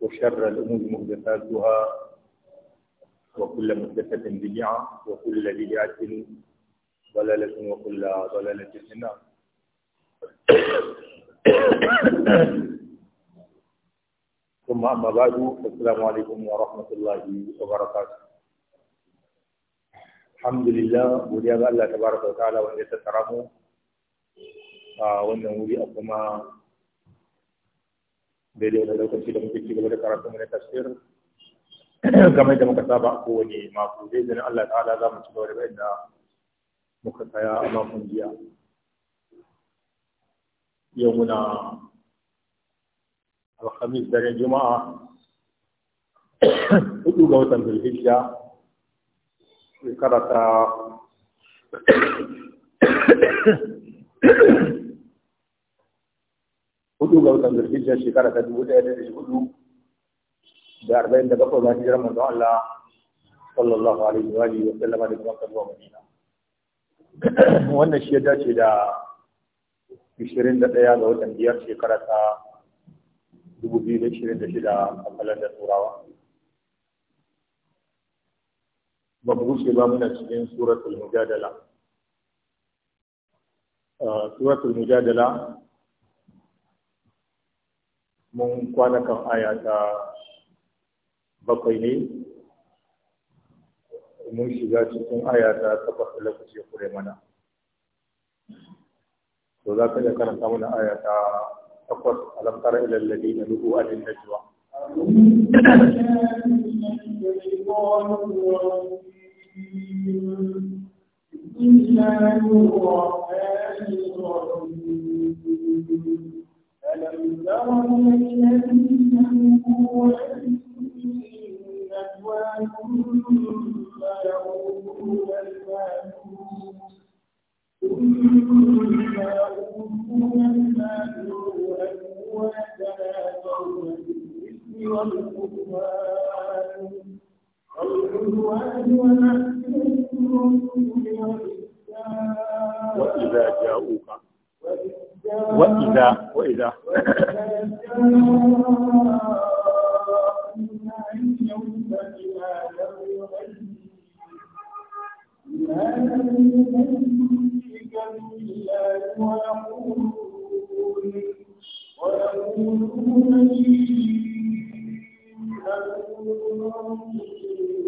وشر الأمور محدثاتها وكل محدثة بدعة وكل بدعة ضلالة وكل ضلالة في النار ثم أما بعد السلام عليكم ورحمة الله وبركاته الحمد لله godiya الله تبارك وتعالى وإن ta'ala وانه ya tattara daidai wani lokaci da muke cigaba da karatu mu na tafsir kamar da muka saba a kowane mako zai zane Allah ta'ala za mu ci gaba da bayan da muka tsaya a makon jiya yau muna alhamis daren juma'a hudu ga watan zulhijja shekara ta hudu ga watan zulhijja shekara ta dubu ɗaya da hudu da arba'in da bakwai bayan hijirar manzon Allah sallallahu alaihi wa alihi wa sallama da kuma kalwa madina wannan shi ya dace da ishirin da ɗaya ga watan biyar shekara ta dubu biyu da ishirin da shida a kalandar turawa ba mu wuce ba muna cikin suratul mujadala uh, suratul mujadala mun kwana kan aya ta bakwai ne mun shiga cikin aya ta takwas da lokaci kure mana to za ka iya karanta mana aya ta takwas alam tara ila na nuhu anin najwa بسم الله الرحمن ألم تروا الذين هو نجواهم ثم يعودون المعلوم ثم يعودون المعلوم أن تنازعوا بالإثم والكفار والعدوان ومعصية الرسل والإسلام وإذا جاءوك وإذا وإذا وإذا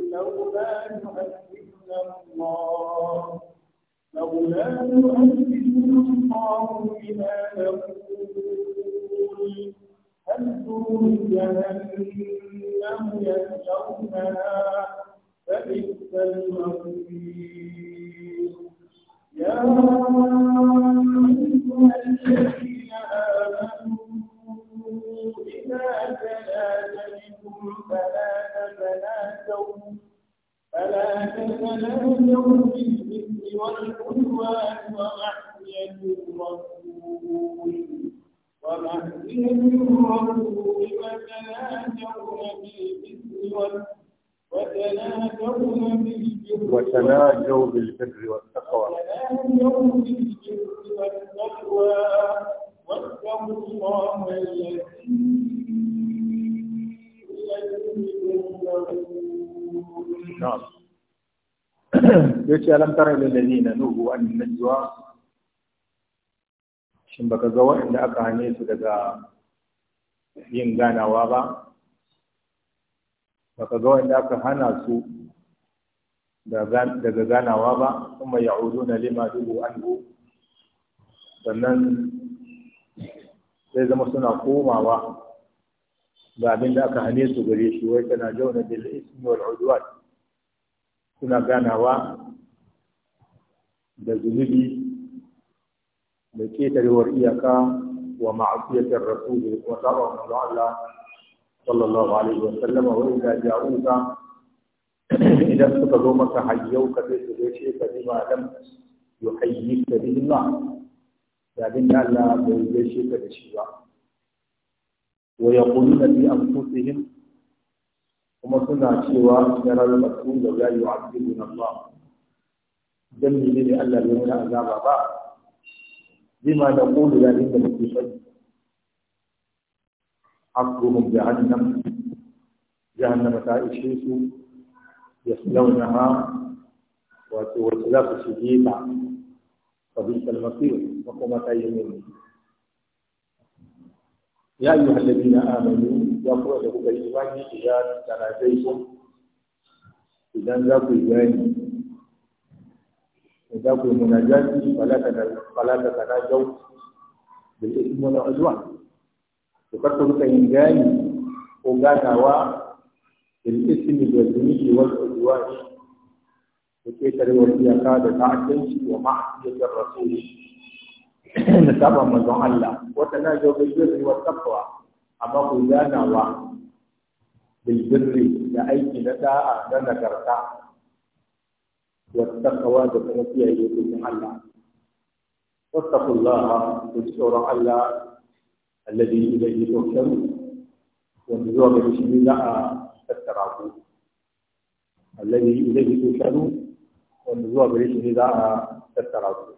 لولا يعذبنا الله لولا يؤذن الله بما نقول هل دون جهنم يسلونها فبئس المصير يا أيها الذين آمنوا إذا تنازلتم فلا تتنازوا فلا تتنازوا بالإثم والعدوان ومعصية الرسول ومعصية الرسول وتناجون بالإثم وتناجون وتناجوا بالبر والتقوى ce alam tara ilal ladina nuhu an najwa shin baka ga waɗanda aka hane su daga yin ganawa ba baka ga waɗanda aka hana su daga ganawa ba kuma ya'uduna lima duhu anhu sannan sai zama suna komawa ga abin da aka hane su gare shi wai tana jauna bil ismi wal udwan suna ganawa da zunubi da ketarewar iyaka wa ma'asiyatar rasul wa saba wa manzo Allah sallallahu alaihi wa wani da idza ja'uka idan suka zo maka hayyau ka zai su gaishe ka bi ma lam yuhayyika bihi Allah da abin da Allah bai gaishe ka da shi ba wa ya yaquluna fi anfusihim kuma suna cewa da yaral masul da yu'adhibuna Allah dan mene ne Allah bai mana azaba ba bima da qulu la inda muke sani hakuhum jahannam jahannam ta ishe su yaslawnaha wato wacce za ku shige ta fa bi salmasir makoma ta yi ne ya yi hallabi na amanu ya kuma da kuka yi imani idan tsanajai sun idan za ku yi bayani da za ku yi munajati fala ta tana jau da ke kuma na azuwa to karku duka yin gani ko ganawa da ismi da zunubi wal azuwa ne da ke tarewar iyaka da ta'addanci wa ma'asiyatar Allah wata na jau amma ku ganawa bil da aiki na da'a na nagarta والتقوى دفنتي أيكم الله واتقوا الله وتسوروا على الذي إليه تحكم وانزوا بسم الله التراكم الذي إليه تحكم وانزوا بسم الله التراكم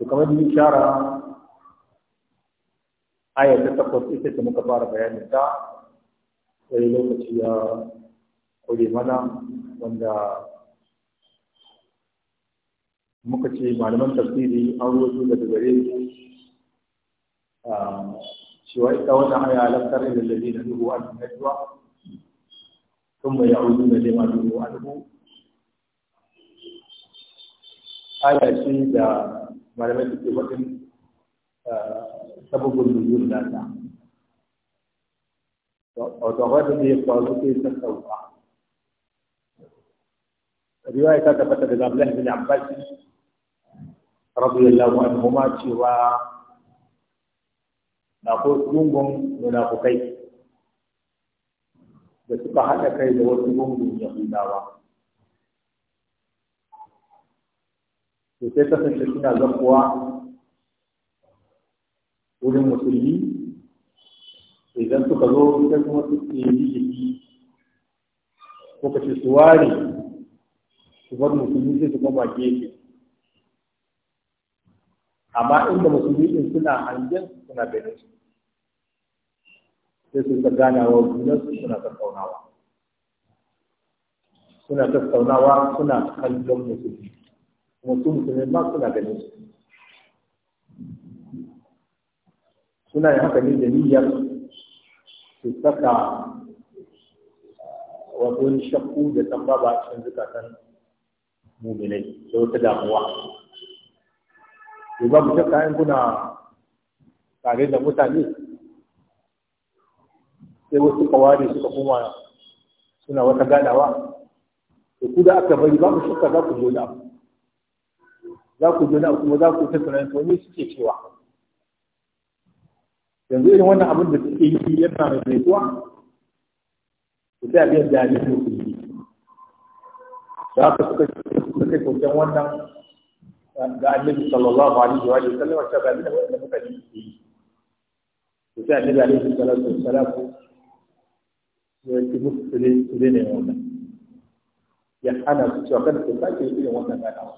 وكما دي إشارة آية تتقص إيه تمكبار بيانتا ولو تشيا قولي منا wanda muka ce malaman tafsiri an rubutu daga gare cewa ita wannan aya laftar da lalabi na duhu an najwa sun bai ya'udu da lema duhu an duhu aya ce da malamai suke wajen sababin nuzul nata wato wadda ne ya faru sai ta sauka riwaya ta tabbata daga Abdullahi bin Abbas radiyallahu ma cewa na ko gungun munafukai da suka haɗa kai da wasu gungun Yahudawa to sai ta kasance suna zakuwa wurin musulmi idan suka zo sai kuma su ke yi ko kace su ware su bar musulmi yi su koma gefe amma inda musulmi din suna hangen suna ganin su sai su ta ganawa junansu suna tattaunawa suna tattaunawa suna kallon musulmi kuma su musulmi ma suna ganin su suna yin haka ne da niyyar su saka eh, wato shakku da tambaba a cikin zukatan muminai da wata damuwa to ba mu shakka in kuna tare da mutane sai wasu kawari suka koma suna wata ganawa to ku da aka bari ba mu shakka za ku jona za ku jona kuma za ku tattara to ni suke cewa yanzu irin wannan abin da suke yi yana mai zaituwa ku sai a biyan jami'in da ku yi za ku suka ko koken wannan ga annabi sallallahu alaihi wa sallam wa ba da wannan muka ji ke yi to sai annabi alaihi salatu wassalam ya ci musu su ne ne wannan ya hana su cewa kada su sake irin wannan ganawa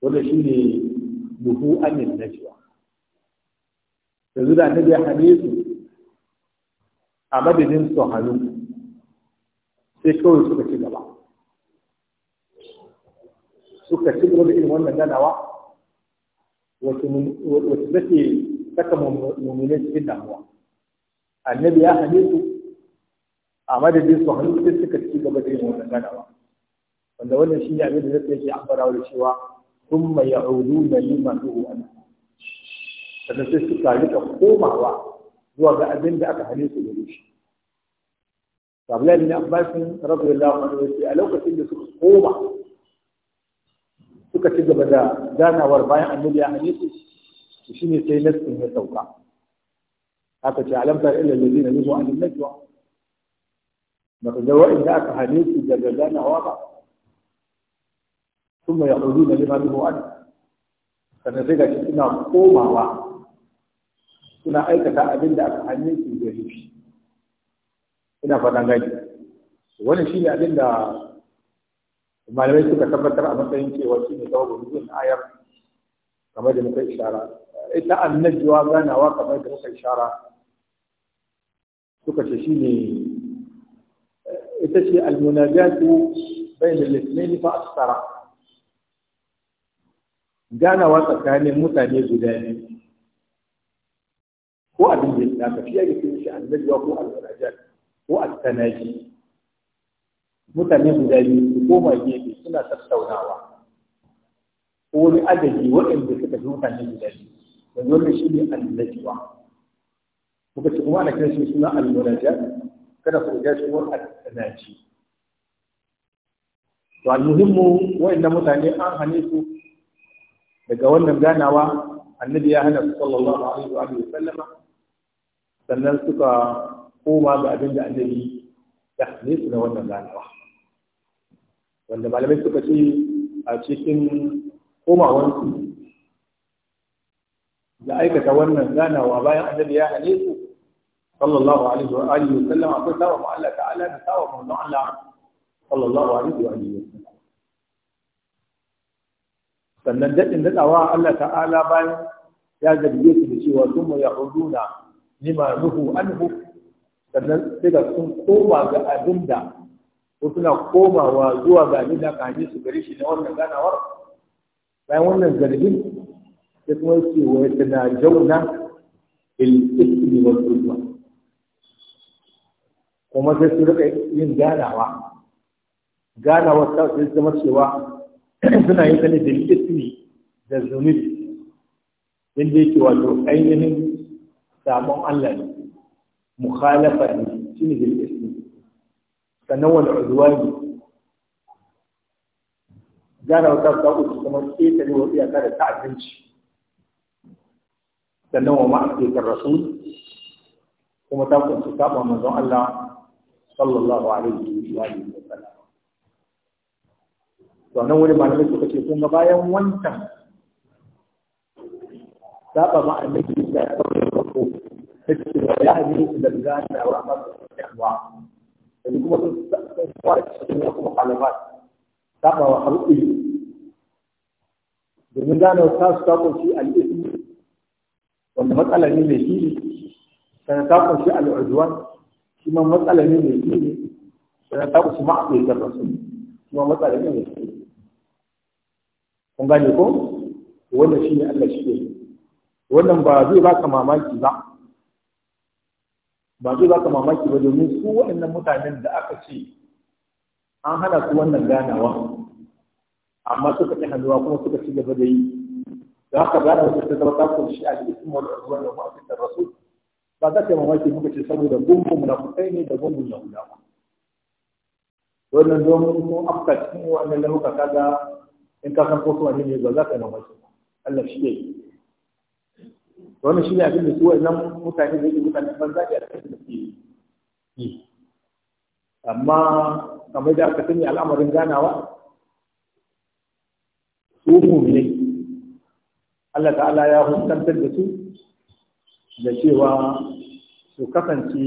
wannan shi ne buhu amin najwa yanzu da annabi ya hane su a madadin su hannu sai kawai suka ce suka ci gaba da irin wannan ganawa wacce take saka mummune cikin damuwa annabi ya hane su a madadin su hannu sai suka ci gaba da irin wannan ganawa wanda wannan shi ne abin da zai yake ambarawa da cewa sun mai ya'udu da lima duhu ana sannan sai suka rika komawa zuwa ga abin da aka hane su da shi Abdullahi bin Abbas radiyallahu anhu yace a lokacin da suka koma suka ci gaba da ganawar bayan annabi ya hane su to shine sai nassin ya sauka haka ce alam tar illa alladhina nuzu an najwa baka ga wa'inda aka hane su daga ganawa ba ثم يقولون لما به عنه kana sai gashi suna komawa suna aikata abin da aka hannun su da shi ina faɗan gaji. wannan shine abin da malamai suka tabbatar a matsayin cewa shi ne sababin nuzulin ayar kamar da muka ishara ita annajuwa ganawa kamar da muka ishara suka ce shi ne ita ce almunajatu da litinin fa asara ganawa tsakanin mutane guda ne, ko abin da ya tafi ya ke shi annajuwa ko almunajat ko at-tanaji mutane guda biyu su koma gefe suna tattaunawa ko wani adadi waɗanda suka fi mutane guda biyu yanzu wannan shi ne annajuwa kuka ce kuma ana kira shi suna almunaja kada ku ga shi wani annaji to almuhimmu waɗannan mutane an hane su daga wannan ganawa annabi ya hana su sallallahu alaihi wa alihi sallama sannan suka koma ga abin da annabi ya hane su na wannan ganawa wanda malamai suka ce a cikin komawansu da aikata wannan ganawa bayan annabi ya hane su sallallahu alaihi wa alihi wa sallam akwai sawa ma Allah ta'ala da sawa ma manzon Allah sallallahu alaihi wa alihi wa sallam sannan dadin dadawa Allah ta'ala bayan ya zarge su da cewa sun mai yahuduna lima nuhu anhu sannan sai ga sun koma ga abinda ko suna komawa zuwa ga abin da aka su gari shi na wannan ganawar bayan wannan zargin sai kuma yake wa ya tana jauna il ismi wal udwa kuma sai su rika yin ganawa ganawa ta sai zama cewa suna yin ta ne da ismi da zunubi da yake wato ainihin sabon Allah ne mukhalafa ne shine bil ismi sannan wani udwani gyara wata ta uku kuma ƙetare wa iyaka da ta'addanci sannan wa ma'aikatar rasu. kuma ta kunshi saba manzon Allah sallallahu alaihi wa alihi wa sallam to nan wani malamai suka ce kun bayan wancan saba ma annabi da ta ko ta ce ya ne da gana wa amma da yanzu kuma sun kwace sun kuma alamat saba domin ta su wanda matsala ne mai ma matsala ne mai ma matsala ne mai gane ko wannan shi ne Allah shi ke wannan ba zai baka mamaki ba ba zai baka mamaki ba domin su waɗannan mutanen da aka ce an hana su wannan ganawa amma suka ci hannuwa kuma suka ci gaba da yi da haka gane wasu ta zama takon shi a cikin wani ruwan da ma'a da rasu ba za ka yi mamaki muka ce saboda gungun munafukai ne da gungun yahudawa wannan domin mun afka cikin wannan lahuka kaga in ka san ko su wani ne ba za ka yi mamaki Allah shi ne wannan shi ne abin da su wa'annan mutane da yake mutanen banza da a da suke yi amma kamar da aka sani al'amarin ganawa su mu'minai Allah ta'ala ya hukuntar da su da cewa su kasance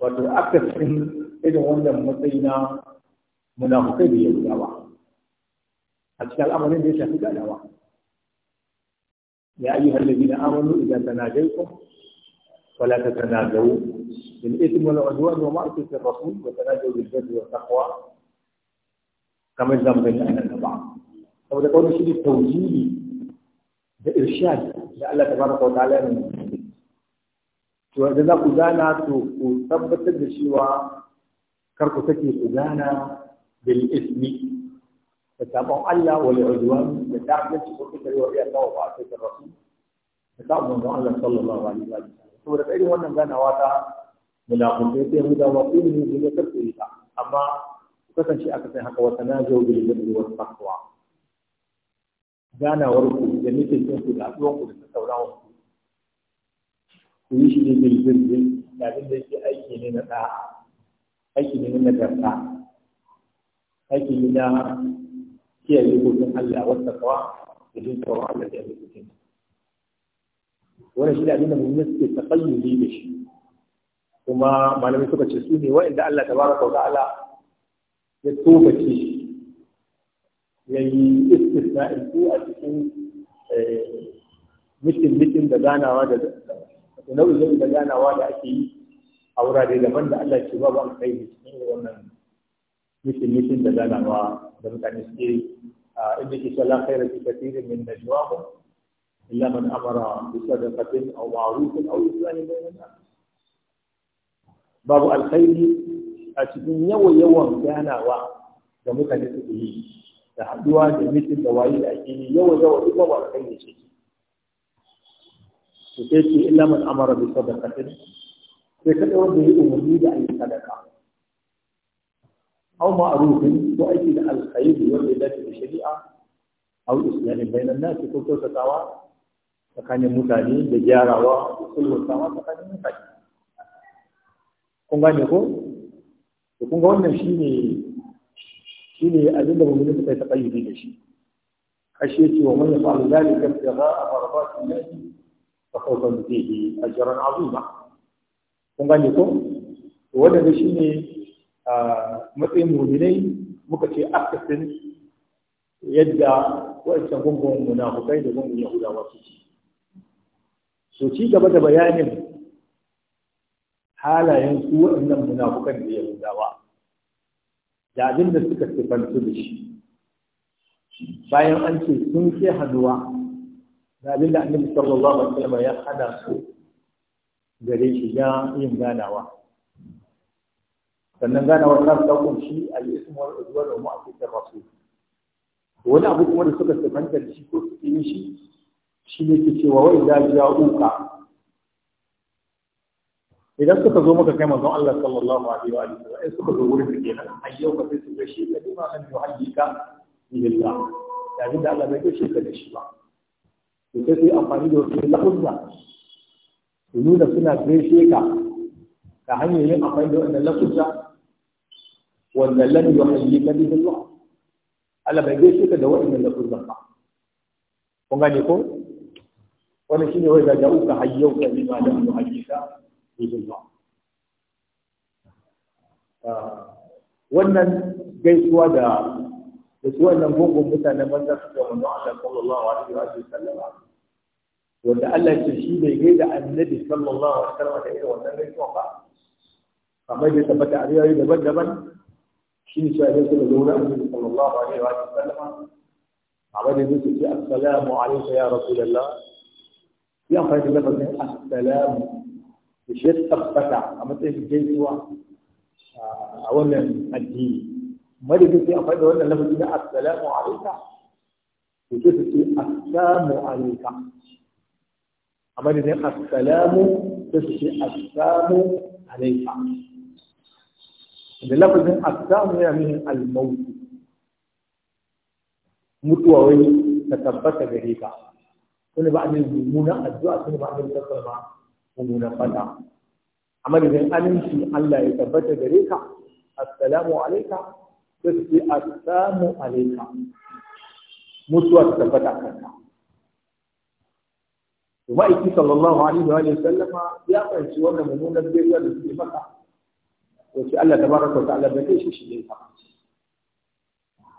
wato akasin irin wannan matsayi na munafukai da ba a cikin al'amarin da ya shafi ganawa يا أيها الذين آمنوا إذا تناجيتم فلا تتناجوا بالإثم والعدوان ومعصية الرسول وتناجوا بالبر والتقوى كما الزام بين أهل البعض أو تقول شيء التوجيه بإرشاد لألا تبارك وتعالى من to da za ku gana to ku tabbatar da cewa kar ku take ku gana bil ismi فتابعوا الله والعدوان يتعب نفسه كل كريم وإياه الله وعافية الرسول فتابعوا من الله صلى الله عليه وسلم ثم تقول وانا كان واتا منافقين في هدى وقيمه من يكفر أما كسن شيء أكثر حقا وتنازعوا بالبر والتقوى gana warku da mutuncin ku da haɗuwan ku da ta saurawa ku ku yi shi ne bilbil da abin da yake aiki ne na ɗa aiki ne na nagarta aiki ne na yi dokokin Allah wata kawa da jin tsoron Allah da yake cikin Wani shi da abin da mu'mini suke taqayyudi da shi kuma malamai suka ce su ne wa'inda Allah ta tabaraka wa ta'ala ya tobace ya yi istisna'in su a cikin mitin-mitin da ganawa da nau'in da ganawa da ake yi a wurare daban da Allah ce ba ba kai cikin wannan mitin-mitin da ganawa أقدر آه، أن أسكي إني كسلا خير كثير من نجواهم إلا من أمر بصدقة أو معروف أو إسلام بين الناس باب الخير أشبين يو يو كان و جمك نسبه تحدوا جميت الدوائي لأجين يو يو إبا والخير شيء تكيشي إلا من أمر بصدقة تكتور به أمني بأي صدقة أو معروف وأيضا الخير والعلاج الشريعة أو الإسلام بين الناس كل تساوى tsakanin mutane da gyarawa da sulhuntawa tsakanin mutane kun gane ko to kun ga wannan shine shine abin da mu'mini suka yi taqayyudi da shi kashe ce wa man yafa'alu dhalika ibtigha'a mardati llahi fa sawfa nutihi ajran 'azima kun ko to shine matsayin muminai muka ce akasin yadda wancan gungun munafukai da gungun yahudawa su ci so ci gaba da bayanin halayen su waɗannan munafukan da ya yahudawa da abin da suka sifantu da shi bayan an ce sun ke hannuwa da abin da annabi sallallahu alaihi wasallam ya hada su gare shi na yin ganawa sannan ganawar ta ta kunshi al-ism wal udwan wa ma'siyat rasul wani abu kuma da suka sifanta da shi ko suke yin shi shi ne ke cewa wai da ja'uka idan suka zo maka kai manzon Allah sallallahu alaihi wa alihi wa suka zo wurin kake nan ai yau ka sai su ga shi kadai ma an yuhaddika billah da da Allah bai kashe ka da shi ba to sai sai amfani da wasu lafuzza su nuna suna gaishe ka ta hanyar yin amfani da wannan lafuzza wanda lam yuhayyika bihi Allah Allah bai gaishe ka da wa'annan lafuzan ba kun gane ko wannan shine wai da ja'uka hayyau ka bima lam yuhayyika bihi Allah ah, wannan gaisuwa da da su wannan gungun mutanen banza su ga manzon Allah sallallahu alaihi wa sallam wanda Allah ce shi bai gaida annabi sallallahu alaihi wa sallam da irin wannan gaisuwa ba kamar da tabbata a riwayoyi daban-daban shi ne shi a jinsu da zaune annabi sallallahu alaihi wa sallam a bane zai ce assalamu alaikum ya rasulullah sai amfani da lafazin assalamu da shi ya tabbata a matsayin gaisuwa a wannan addini madadin sai amfani da wannan lafazi na assalamu alaikum to sai su ce assalamu alaikum a madadin assalamu sai su ce assalamu alaikum da lafazin asamu yana nuhin almautu mutuwa wai ta tabbata gare ka suna ba amin mummunan addu'a suna ba amin ba mummunan fata amma da zai aminci Allah ya tabbata gare ka assalamu alaika sai su ce assalamu alaika mutuwa ta tabbata a kanka to ma'aiki sallallahu alaihi wa sallama ya fahimci wannan mummunan gaisuwa da suke maka wace Allah ta baraka wa Allah bai shi shi ne ta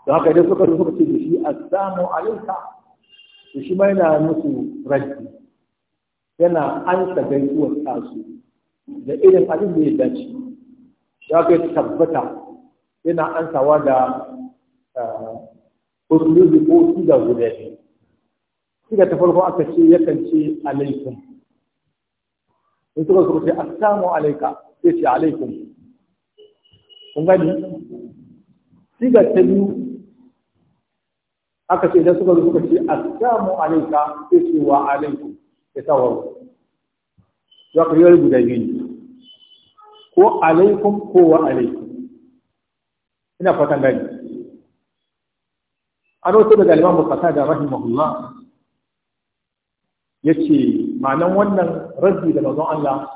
da haka idan suka zo suka ce da shi assalamu alaika to shi ma yana musu raddi yana ansa gaisuwar tasu da irin abin da ya dace da haka tabbata yana ansawa da eh, usulubi ko siga guda biyu ta farko aka ce yakan ce alaikum in suka suka ce assalamu alaika sai ce alaikum kun gani siga ta biyu aka ce idan suka zo suka ce assalamu alaika sai ce wa alaikum ya sa wa ya ku yi guda biyu ko alaikum ko wa alaikum ina fatan gani an wasu daga liman bukata da rahimahullah ya ce ma'anan wannan rabbi da mazan Allah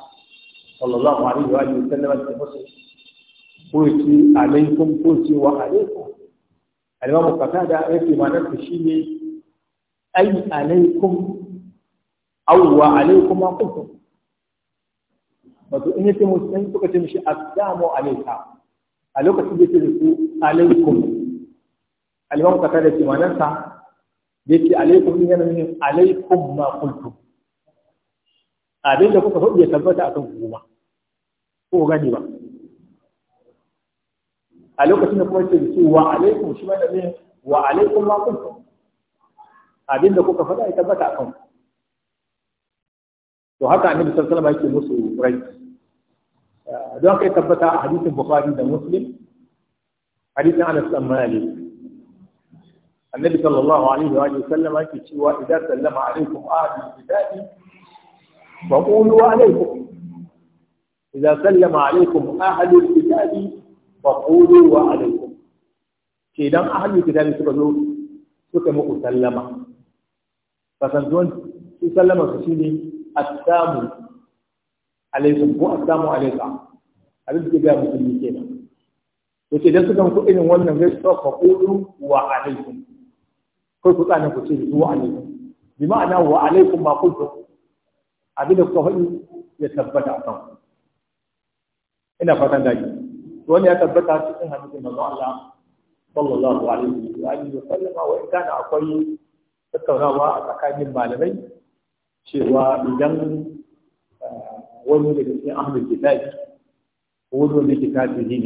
sallallahu alaihi wa sallam da musu ko alaikun ce ko wa alaikun alimamu bukata da yake manar ta shi ne ai alaikun auwa alaikun ma kuka? wato in yake musu in suka ce mishi assalamu alaika a lokacin da yake da su alaikun alimamu bukata da ke manar sa yake alaikun in yana nufin alaikun ma kuntum abin da kuka faɗi ya tabbata akan kuma ko gani ba a lokacin da kuma yake ce wa alaikum shi mai da wa alaikum ma kuntum abin da kuka faɗa ya tabbata a kanku to haka annabi sallallahu alaihi wasallam yake musu rai don haka ya tabbata a hadisin bukhari da muslim hadisin anas bin malik annabi sallallahu alaihi wa sallam yake cewa idan sallama alaikum ahlul kitabi fa qulu alaikum idan sallama alaikum ahlul kitabi fa wa alaikum ke dan ahlul kitabi suka zo suka muku sallama fasantuwan su sallama su a assalamu alaikum ko assalamu alaikum abin da ke ga musulmi kenan to ke dan suka muku irin wannan zai fa qulu wa alaikum ko ku tsana ku ce wa alaikum bi ma'ana wa alaikum ma kuntum abin da kuka faɗi ya tabbata a kan. ina fatan daji wani ya tabbata cikin hadisin manzo Allah sallallahu alaihi wa alihi wa sallama wa in kana akwai tattaunawa a tsakanin malamai cewa idan eh, wani daga cikin ahlul kitab ko wani da kitabi ne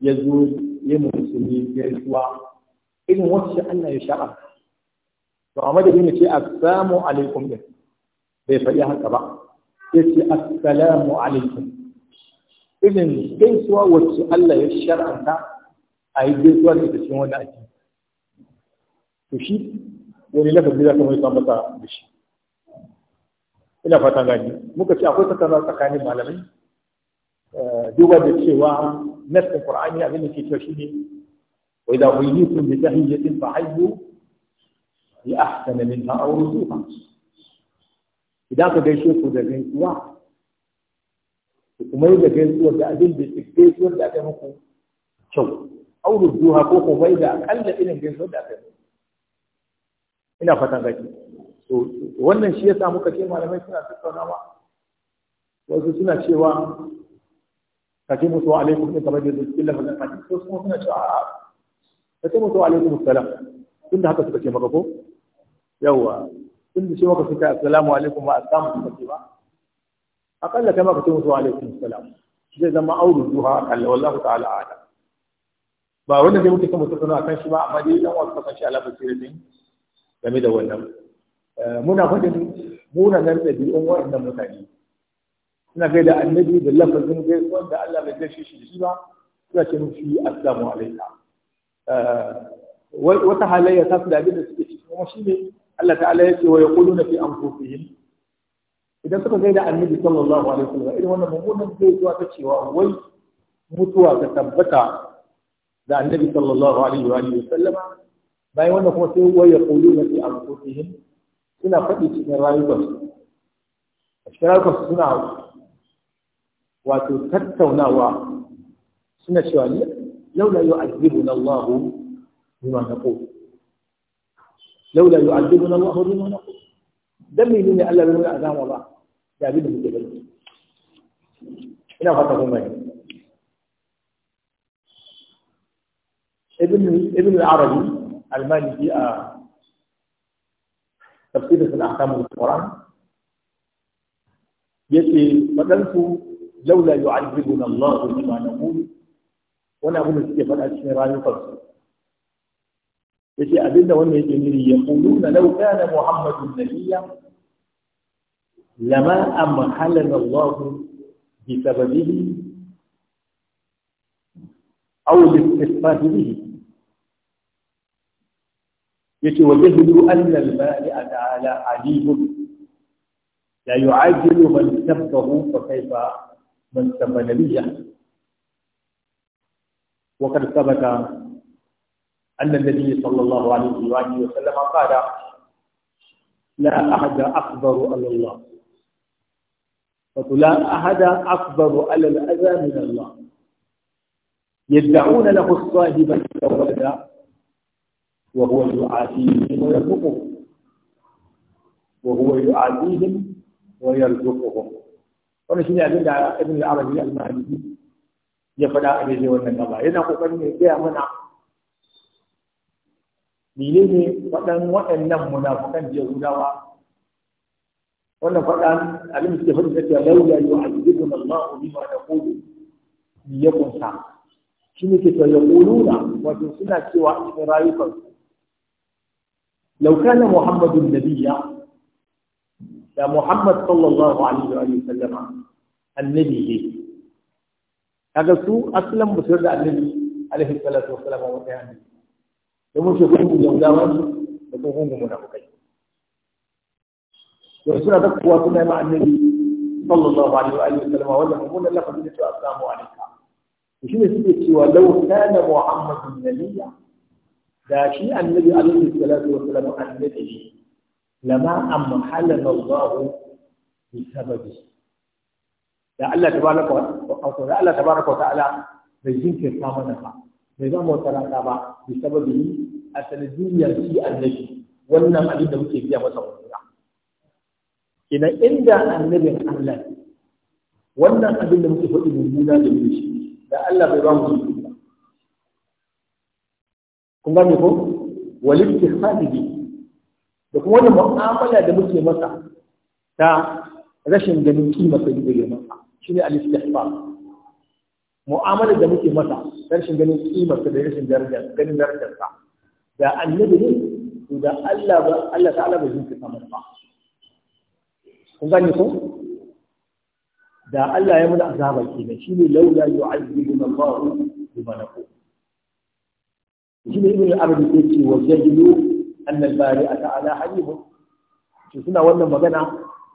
ya zo ya musulmi ya rikuwa irin wacce Allah ya sha'a to a madadin ya ce assalamu alaikum din bai faɗi haka ba ya ce assalamu alaikum irin gaisuwa wacce Allah ya shar'anta a yi gaisuwa da ita cikin wannan addini to shi wani lafazi za ka mai masa da shi ina fata gani muka ce akwai tattauna tsakanin malamai duba da cewa nassin qur'ani abin da ke cewa shine wa idza buyitum bi tahiyyatin fa hayyu bi ahsana minha aw rudduha idan ka gaishe ku da gaisuwa ku kuma yi da gaisuwar da abin da gaisuwar da aka yi muku kyau auru zuwa ko ku bai da akalla irin gaisuwar da aka yi muku ina fatan gaji to wannan shi yasa muka ce malamai suna tattaunawa wasu suna cewa kake musu wa alaikum din kamar yadda suke lafa zan kace ko kuma suna cewa a'a kace musu wa alaikum salam tunda haka suka ce maka ko yawa tunda shi maka suka assalamu alaikum wa assalamu suka ce ba akalla kai maka ce musu wa alaikum salam zai zama auru duha akalla wallahu ta'ala a'lam ba wanda zai muke kuma tattauna kan shi ba amma dai dan wasu kasan shi alaƙa sirrin game da wannan eh, muna faɗin munanan ɗabi'un waɗannan mutane suna gaida annabi da lafazin gaisuwar da Allah bai gaishe shi da shi ba suna ce mushi assalamu alaikum eh, wata halayya ta su da abin da suke ciki kuma shi ne Allah ta'ala ya ce wa yaquluna fi anfusihim idan suka gaida annabi sallallahu alaihi wasallam irin wannan mummunan zai zuwa ta cewa wai mutuwa ta tabbata da annabi sallallahu alaihi wa alihi wasallama bayan wannan kuma sai wai ya kulu na fi anfusihim suna faɗi cikin rayuwar. a cikin rayuwarsu suna wato tattaunawa suna cewa laula yu'adhibuna Allah bima naqul laula yu'adhibuna Allah bima naqul dan menene Allah bai nuna azama ba ابن ابن العربي المالكي آه، تفسير في الاحكام والقران يأتي بدلت لولا يعذبنا الله بما نقول وانا اقول في فلا اشمران يقصد يقولون لو كان محمد نبيا لما أمحلنا الله بسببه أو الاستخفاف به يتوجهد أن البارئ تعالى عليم لا يعجل من سبه فكيف من سب نبيه وقد ثبت أن النبي صلى الله عليه وآله وسلم قال لا أحد أخبر إلا الله فلا أحد أكبر على الأذى من الله يدعون له الصاحب الأولى وهو يعافيهم ويرزقهم وهو يعافيهم ويرزقهم ونحن نعلم على ابن العربي المهدي يفنى أبيه ونقضى إذا قلت أنه جاء منع ليه فلن وأن نمنا فكان جاء ولا فقط علم استفاد ذلك لولا يعذبنا الله بما يقول ليكن سام شنو سيقولون وجنسنا سوى إسرائيل لو كان محمد النبي يا محمد صلى الله عليه وسلم النبي هذا سوء أسلم بسرعة النبي عليه الصلاة والسلام وكان يمشي شخص يوم داوان يقولون منافقين suna ta kuwa suna yi annabi sallallahu alaihi wa sallam wannan mummunan lafazin da cewa assalamu alaikum shi ne suke cewa lau kana muhammadun nabiyya da shi annabi alaihi salatu wa sallam annabi ne lama amma halala Allah bi sababi da Allah tabaraka wa da Allah tabaraka wa ta'ala bai jinkirta mana ba bai ba mu tarata ba bi sababi asalin duniyar shi annabi wannan abin da muke biya masa kina inda annabin Allah wannan abin da muke faɗi mummuna da shi da Allah bai ba mu zuciya ba kun gane ko walitti hadibi da kuma wannan mu'amala da muke masa ta rashin ganin kima sai da girma shine al-istihbar mu'amala da muke masa rashin ganin kima da rashin daraja ganin darajarsa da annabi ne to da Allah ba Allah ta'ala yi zai samar ba kun gane ko da Allah ya muna azaba kenan shine laula yu'azzibuna Allah bima naqul shine ibn al-arabi yake wa jahilu an al a ta'ala halim to suna wannan magana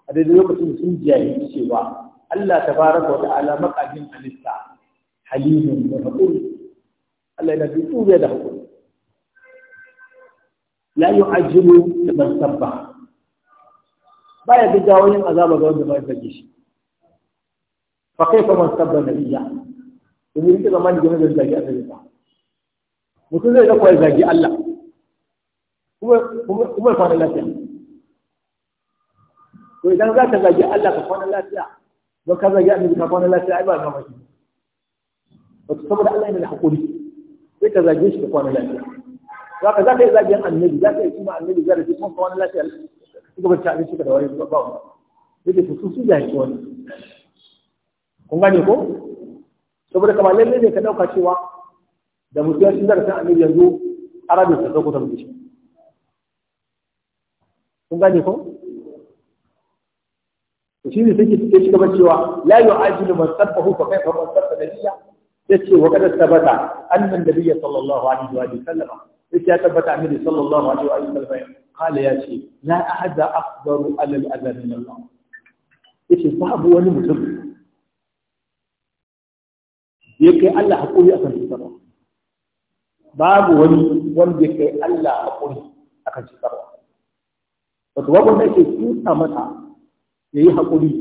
a daidai lokacin sun jahilci cewa Allah tabaraka wa ta'ala maqadin alista halimun da haƙuri. Allah yana da tsuriya da hakuri la da ban tabba. baya gaggawa yin azaba ga wanda bai fage shi fa kaifa man sabba nabiyya in yi ta zamani game da zagi annabi ba mutum zai dauka zagi Allah kuma kuma kwana lafiya to idan za ka zagi Allah ka kwana lafiya don ka zagi annabi ka kwana lafiya ai ba ma mashi to saboda Allah yana da hakuri sai ka zage shi ka kwana lafiya za ka za ka yi zagin annabi za ka yi kuma annabi za ka yi kuma kwana lafiya suka bar abinci ka da wani ba ba yake su su jahilci wani kun gane ko saboda kamar lalle ne ka dauka cewa da mutum ya tunda san annabi yanzu arabi ta dauko ta mutum kun gane ko to shi ne take take shi gaban cewa la yu'ajilu man sabbahu fa kayfa man sabba nabiyya yace wa qad annan da nabiyya sallallahu alaihi wa sallam yace ya tabbata annabi sallallahu alaihi wa sallam qala ya ce la ahada akbaru alal azan min Allah yace babu wani mutum ya kai Allah hakuri akan cutarwa babu wani wanda ya kai Allah hakuri akan cutarwa wato babu wanda yake tuta mata ya yi hakuri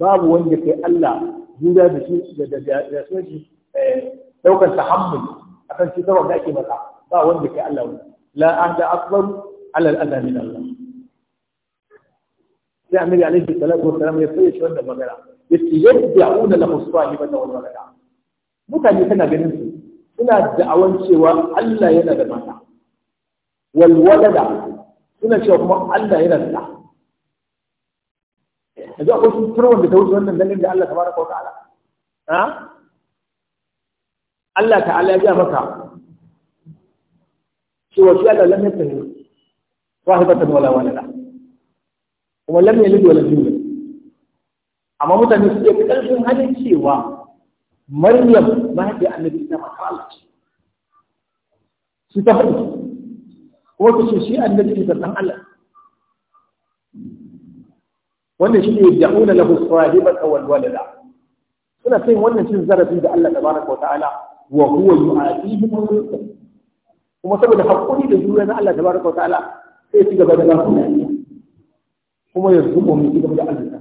babu wanda ya kai Allah juriya da shi da da shi daukar eh, tahammul akan cutarwa da ake mata ba wanda ya kai Allah wani la ahada akbaru alal adami da Allah sai annabi alaihi salatu wasalam ya fayyace wannan magana yace yad'una lahu sahibata wal walada mutane kana ganin su suna da'awan cewa Allah yana da mata wal walada suna cewa kuma Allah yana da da yanzu akwai sun da ta wuce wannan dangin da Allah tabaraka wa ta'ala ha Allah ta'ala ya ga maka cewa shi Allah ta yatahi wahibatan wala walada kuma lam yalid wala yulad amma mutane suke karfin halin cewa maryam mahaifiyar annabi ita mata Allah ce su ta faɗi kuma su ce shi annabi ita ɗan Allah wannan shi ne da'una lahu sahibaka wal walada suna sayin wannan cin zarafi da Allah tabaraka wa ta'ala wa kuma saboda da juriya na Allah wa ta'ala sai ci gaba da nasu na kuma ya zubo mu ci gaba da azuka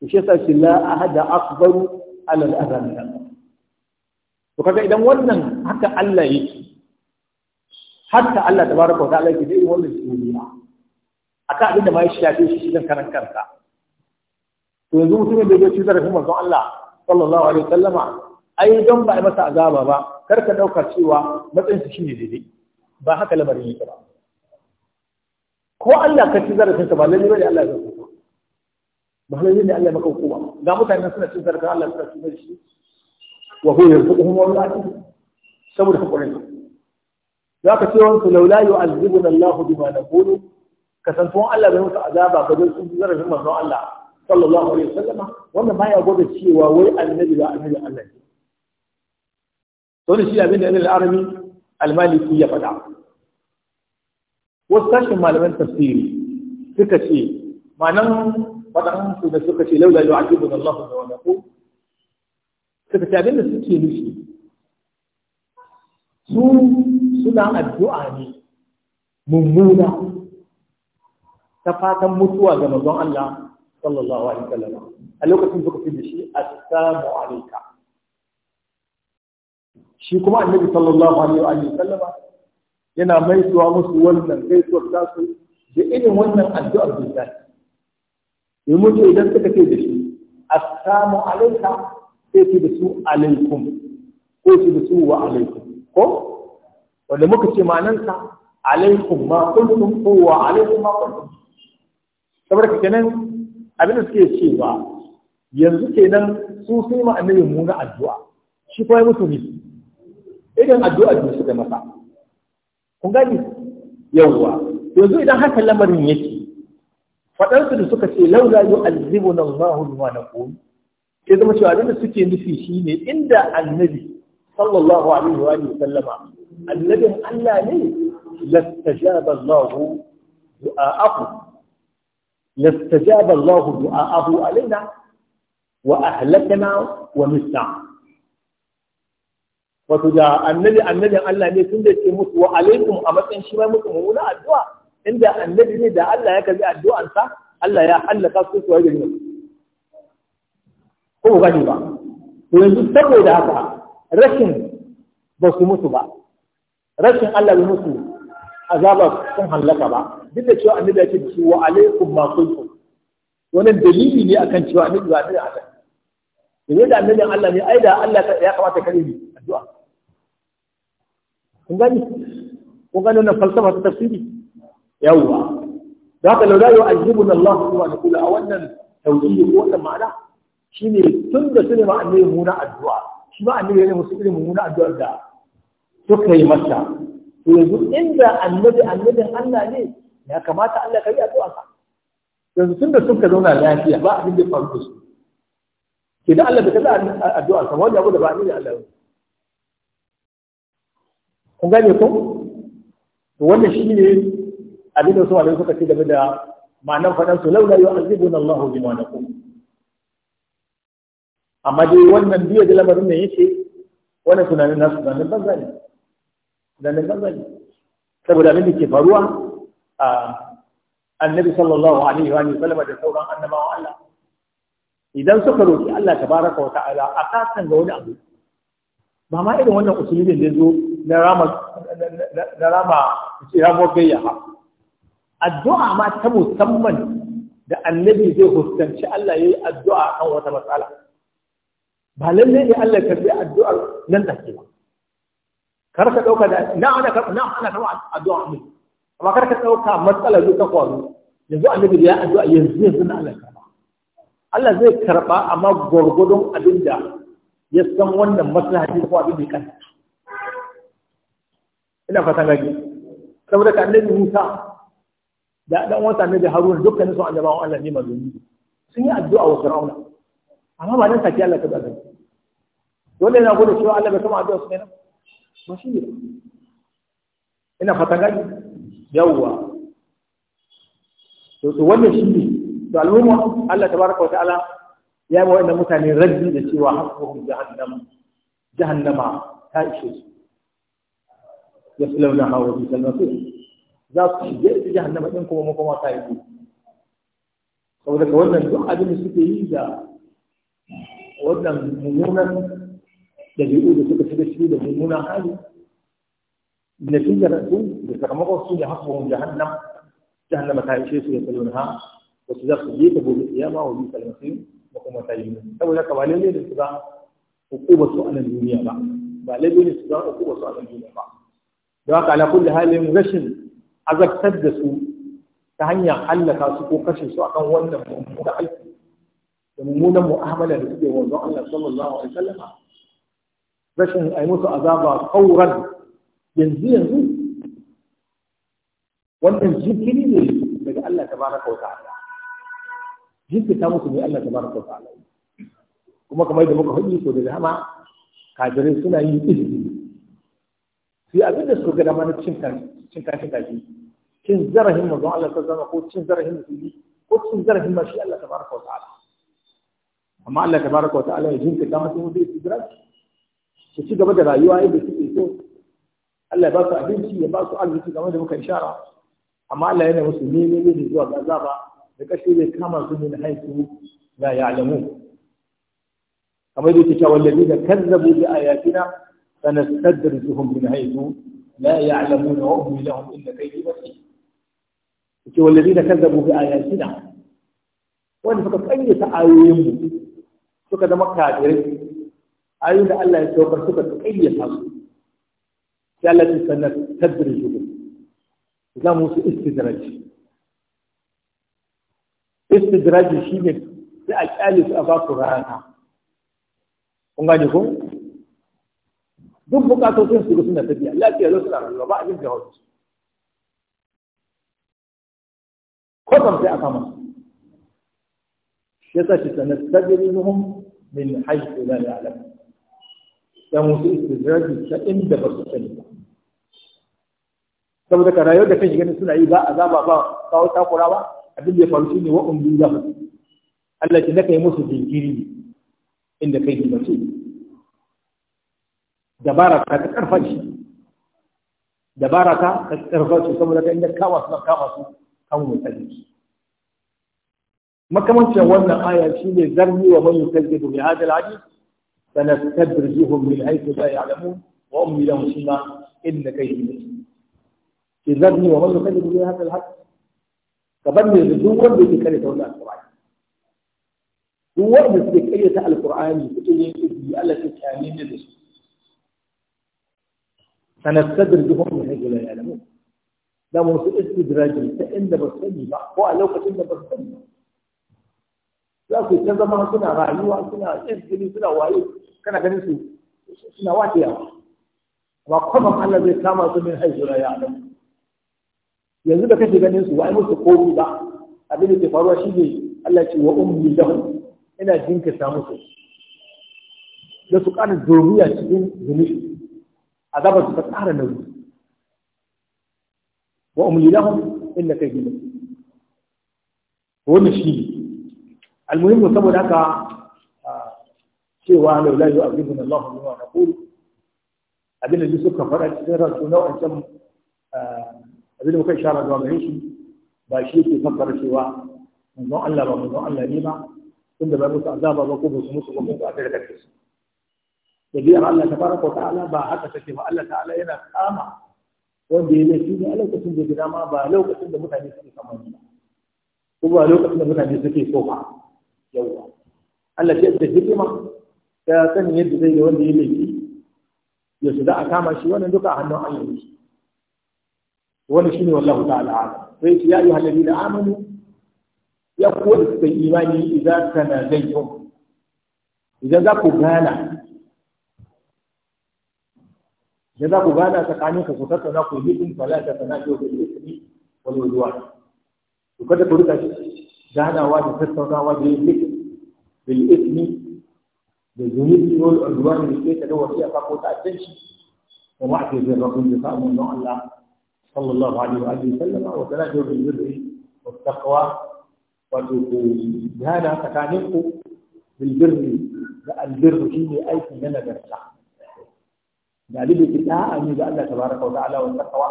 to shi yasa shi la ahada akbaru ala al-adhan min Allah to kaga idan wannan haka Allah yake hatta Allah tabaraka wa ta'ala yake yi, wannan duniya akan abin da ma ya shafe shi shi karan kansa to yanzu mutumin da ya ci zarafin manzon Allah sallallahu alaihi wasallama ai don ba a masa azaba ba kar ka dauka cewa matsayin shi ne daidai ba haka lamarin yake ba ko Allah ka ci zarafinsa ba lalle bane Allah ya zarafa ba lalle ne Allah maka hukuma ga mutane suna cin zarafin Allah suna cin zarafin wa huwa yarzuquhum wa yu'atihim saboda hakurin za ka ce wansu laula yu'azzibuna Allah bima naqulu kasantuwan Allah bai musu azaba ba don sun ci zarafin manzon Allah sallallahu alaihi wasallama wannan baya gwada cewa wai annabi ba annabi Allah ne to ne shi abin da Ibn al-Arabi almaliki ya faɗa wasu tashin malaman tafsiri suka ce ma'anan faɗansu da suka ce laula yau ajibu da Allah da wani ko suka ce abinda suke nufi su suna addu'a ne mummuna ta fatan mutuwa ga mazan Allah sallallahu alaihi wasallam a lokacin suka fi da shi assalamu alaika shi kuma annabi sallallahu alaihi wa sallama yana maisuwa musu wannan gaisuwar tasu da irin wannan addu'ar da ta yi mutu idan suka ce da shi assalamu alaika sai ce da su alaikum ko ce da su wa alaikum ko wanda muka ce ma'anansa alaikum ma kullum, ko wa alaikum ma kuntum saboda kenan abin da suke cewa yanzu kenan su sai ma annabi na addu'a shi kuma ya mutu ne idan addu'a da suka masa kun gani yawwa yanzu idan haka lamarin yake faɗansu da suka ce laula yu'azzibuna Allahu bima naqul sai zama cewa da suke nufi shine inda annabi sallallahu alaihi wa sallama annabin Allah ne lastajaba Allah du'a'ahu lastajaba Allah du'a'ahu alaina wa ahlakana wa mista wato da annabi annabin Allah ne tun da ke mutu wa alaikum a matsayin shi ma mutu mummuna addu'a inda annabi ne da Allah ya karbi addu'ansa Allah ya hallaka su su wajen yau ko gani ba to yanzu saboda haka rashin ba su mutu ba rashin Allah bai mutu azaba sun hallaka ba duk da cewa annabi ya ce da su wa alaikum ma kuntum wannan dalili ne akan cewa annabi ba annabi Allah da yadda annabin Allah ne ai da Allah ya kamata kare yi addu'a kun gani kun gani wannan falsafa ta tafsiri yawwa da haka laura yau ajibun Allah kuma da kula a wannan tauhidi ko wannan ma'ana shine tun da su ne ma annabi muna addu'a shi ma annabi ne musu irin muna addu'a da suka yi masa to yanzu inda annabi annabin Allah ne ya kamata Allah ka yi addu'a sa yanzu tun da suka zauna lafiya ba abin da faru da su ke da Allah da kaza addu'a sa wanda abu da ba ni Allah ne kun gane ko wannan shi shine abin da su wani suka ce game da ma'anar faɗan su laula yu'azibuna Allahu bima naqul amma dai wannan biya da lamarin ne yake wannan tunanin nasu tunanin banza ne tunanin banza ne saboda abin da ke faruwa a annabi sallallahu alaihi wa sallam da sauran annabawan Allah idan suka roki Allah tabaraka wa ta'ala a kasan ga wani abu ba ma irin wannan usulubin da zo na rama na rama ce gayya ba addu'a ma ta musamman da annabi zai huskanci Allah yayi addu'a kan wata matsala ba lalle ne Allah ka bi addu'ar nan da ke ba kar ka dauka da na ana ka na ana karwa addu'a ne amma kar ka dauka matsala zai ta kwaro yanzu annabi ya addu'a yanzu yanzu na Allah karba Allah zai karba amma gurgudun abinda ya san wannan maslahati ko abin da ya ina fatan gaji saboda ka annabi Musa da dan wasa annabi Harun dukkanin su annabawan Allah ne manzoni sun yi addu'a wa Fir'auna amma ba nan saki Allah ta bada dole yana gode cewa Allah bai kama addu'a su ne nan ba shi ne ina fatan gaji yawwa to wannan shi ne to al'umma Allah tabaraka wa ta'ala ya ba wa'annan mutane raddi da cewa hasbuhum jahannam jahannama ta ishe su yaslawna hawa bi salmasu za su shige ita jahannama din kuma makoma ta yi saboda ka wannan duk abin da suke yi da wannan mummunan dabi'u da suka shiga shi da mummunan hali natijar su da sakamakon su ne hasbuhum jahannam jahannama ta ishe su yaslawna ha wasu za su je ta gobe kiyama wa bi salmasu ba kuma ta yi saboda ka ba lalle da su ga hukuma su a nan duniya ba ba lalle da su ga hukuma su a nan duniya ba da haka ala kulli halin rashin azabtar da su ta hanyar hallaka su ko kashe su akan wannan mummunan aiki da mummunan mu'amala da suke wanzu Allah sallallahu alaihi wasallam rashin ai musu azaba kauran yanzu yanzu wannan jikiri ne daga Allah tabaraka wa ta'ala jinkirta musu ne Allah ta baraka wa ta'ala kuma kamar da muka hudu so da dama kafirai suna yin izini su yi abin da suka ga dama na cin kashi kashi cin zarafin mazu Allah ta zama ko cin zarafin yi, ko cin zarafin mashi Allah ta baraka wa ta'ala amma Allah ta baraka wa ta'ala ya jinkirta musu ne da istidrak su ci gaba da rayuwa yadda suke so Allah ya ba su abinci ya ba su arziki kamar da muka ishara amma Allah yana musu ne ne zuwa ga zaba. da ƙarshe zai kama su min haisu la ya'lamu kamar yadda cewa wallazi da kazzabu bi ayatina sanastadrijuhum min haisu la ya'lamuna wa umli lahum inna kaydi matin yace wallazi da kazzabu bi ayatina wanda suka kayyata ayoyinmu suka zama kafirai ayoyin da Allah ya saukar suka kayyata su sai Allah ya sanar tadrijuhum za mu su istidraji استدراج شيء من الألف أبا قرآن أمانيكم دم بقاتو في قسنا تبيع لا كي ألو سنة الله بقى جنجة هوت ختم في أقام شتا شتا نستدر لهم من حيث لا يعلم تموت استدراج شئ إن دبر سنة saboda ka rayuwar da kai shiga ne suna yi ba a zaba ba kawo takurawa ba abin da ya faru shine wa umbi lahu Allah ce naka yi musu jinkiri inda kai ba ce dabara ta ka karfa shi dabara ta ka karfa shi saboda ka inda kawa su kawa su kan mu tsari makamancin wannan aya shine zarni wa man yukazzibu bi hadha al-hadith sanastadrijuhum min haythu la ya'lamun wa umli lahum shima inna kaydi matin zarni wa man yukazzibu bi hadha al-hadith gaban mai duk wanda yake kare ta wannan alqur'ani duk wanda suke kayyata alqur'ani suke yin izini Allah ta kyale ne da su sanastadrijuhum min haythu la ya'lamun da mu su istidraji ta inda ba sani ba ko a lokacin da ba sani ba za ku ta zama suna rayuwa suna izini suna waye kana ganin su suna wakiya ba kuma Allah zai kama su min haythu la ya'lamun yanzu da kake ganin su wai musu komi ba abin da ke faruwa shi ne Allah ce wa ummi lahu ina samu musu da su ƙara zuriya cikin zunubi azaba su ta tsara nauyi wa ummi lahu inna kaydi wannan shi almuhimmu saboda haka cewa laula yu'azzibuna Allah wa rasul abin da suka fara cikin rasu a can abin da muka shara zuwa gare shi ba shi ke fassara cewa manzon Allah ba manzon Allah ne ba tunda ba musu azaba ba ko ba su musu ba ko ba da kake su da biyar Allah fara wa Allah ba haka take ba Allah ta'ala yana kama wanda ya laifi ne a lokacin da gida ma ba lokacin da mutane suke kamar ba ko ba lokacin da mutane suke so ba yauwa Allah ce da hikima ta sanin yadda zai ga wanda ya laifi ya su da a kama shi wannan duka hannun Allah ne wani shine wallahu ta'ala alam sai ya ayyuhal ladina amanu ya ku da imani idan kana zaikum idan za ku gana idan za ku gana tsakanin ka ku tattauna ku yi din fala ta tana ko da ismi wal udwa ku kada ku rika ganawa da tattaunawa da yin bil ismi da zunubi wal udwa ne ke da wasiya ka ko ta tanci wa ma'tazir rabbil bi'amun Allah صلى الله عليه وآله وسلم وتناجوا بالبر والتقوى وهذا تكانيكم بالبر البر فيه أي من نجرته da alibi kita an yi ga Allah tabaraka wa ta'ala wa takawa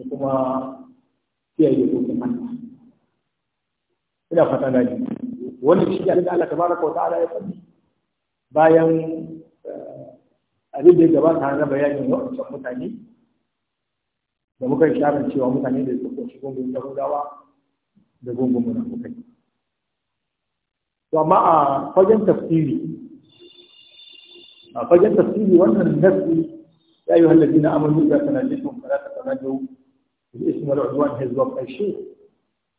da kuma kiyaye dokokin Allah ina fata gani wannan shi da Allah tabaraka wa ta'ala ya faɗi bayan eh, abin da ya na bayanin wa'ancan mutane da muka sharan cewa mutane da suka kunshi gungun yahudawa da gungun yi. to amma a fagen tafsiri a fagen tafsiri wannan nasi ya yi wanda na amurka da sun fara ta sanadu da ismar udwan hezbollah ƙarshe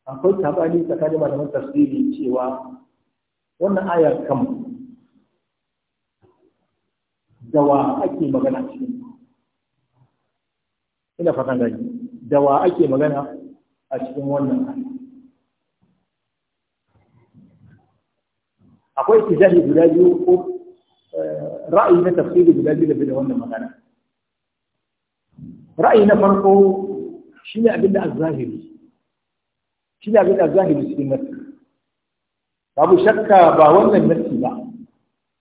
akwai tabani tsakanin malaman tafsiri cewa wannan aya kan dawa ake magana cikin ina fatan gani da wa ake magana a cikin wannan akwai tijahi guda biyu ko eh, ra'ayi na tafsiri guda biyu da da wannan magana ra'ayi na farko shine abin da azzahiri shine abin da azzahiri cikin nasi babu shakka ba wannan nasi ba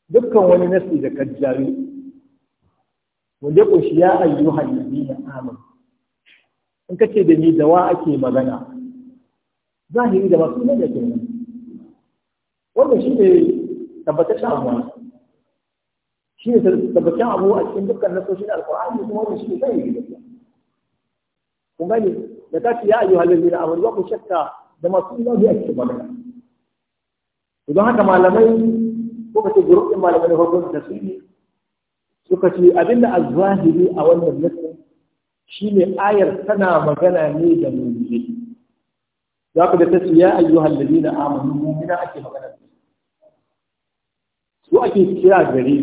dukkan wani nasi da kajjari wanda ya kunshi ya ayyuhan nabiyina amanu in ka ce da ni da wa ake magana zahiri da masu nan da ke nan wannan shi ne tabbataccen abu shi ne tabbataccen abu a cikin dukkan nasoshin na alkur'ani kuma wannan shi ne zahiri da ke kun gani da ta ce ya ayyu halin da abu ba ku shakka da masu nan a ke magana idan haka malamai ko kace gurbin malamai ko farkon tasiri suka ce abinda azzahiri a wannan nasoshin shi ne ayar tana magana ne da mummuni za ku da ta ya hallabi ladina amanu mummuna ake magana su ake kira gare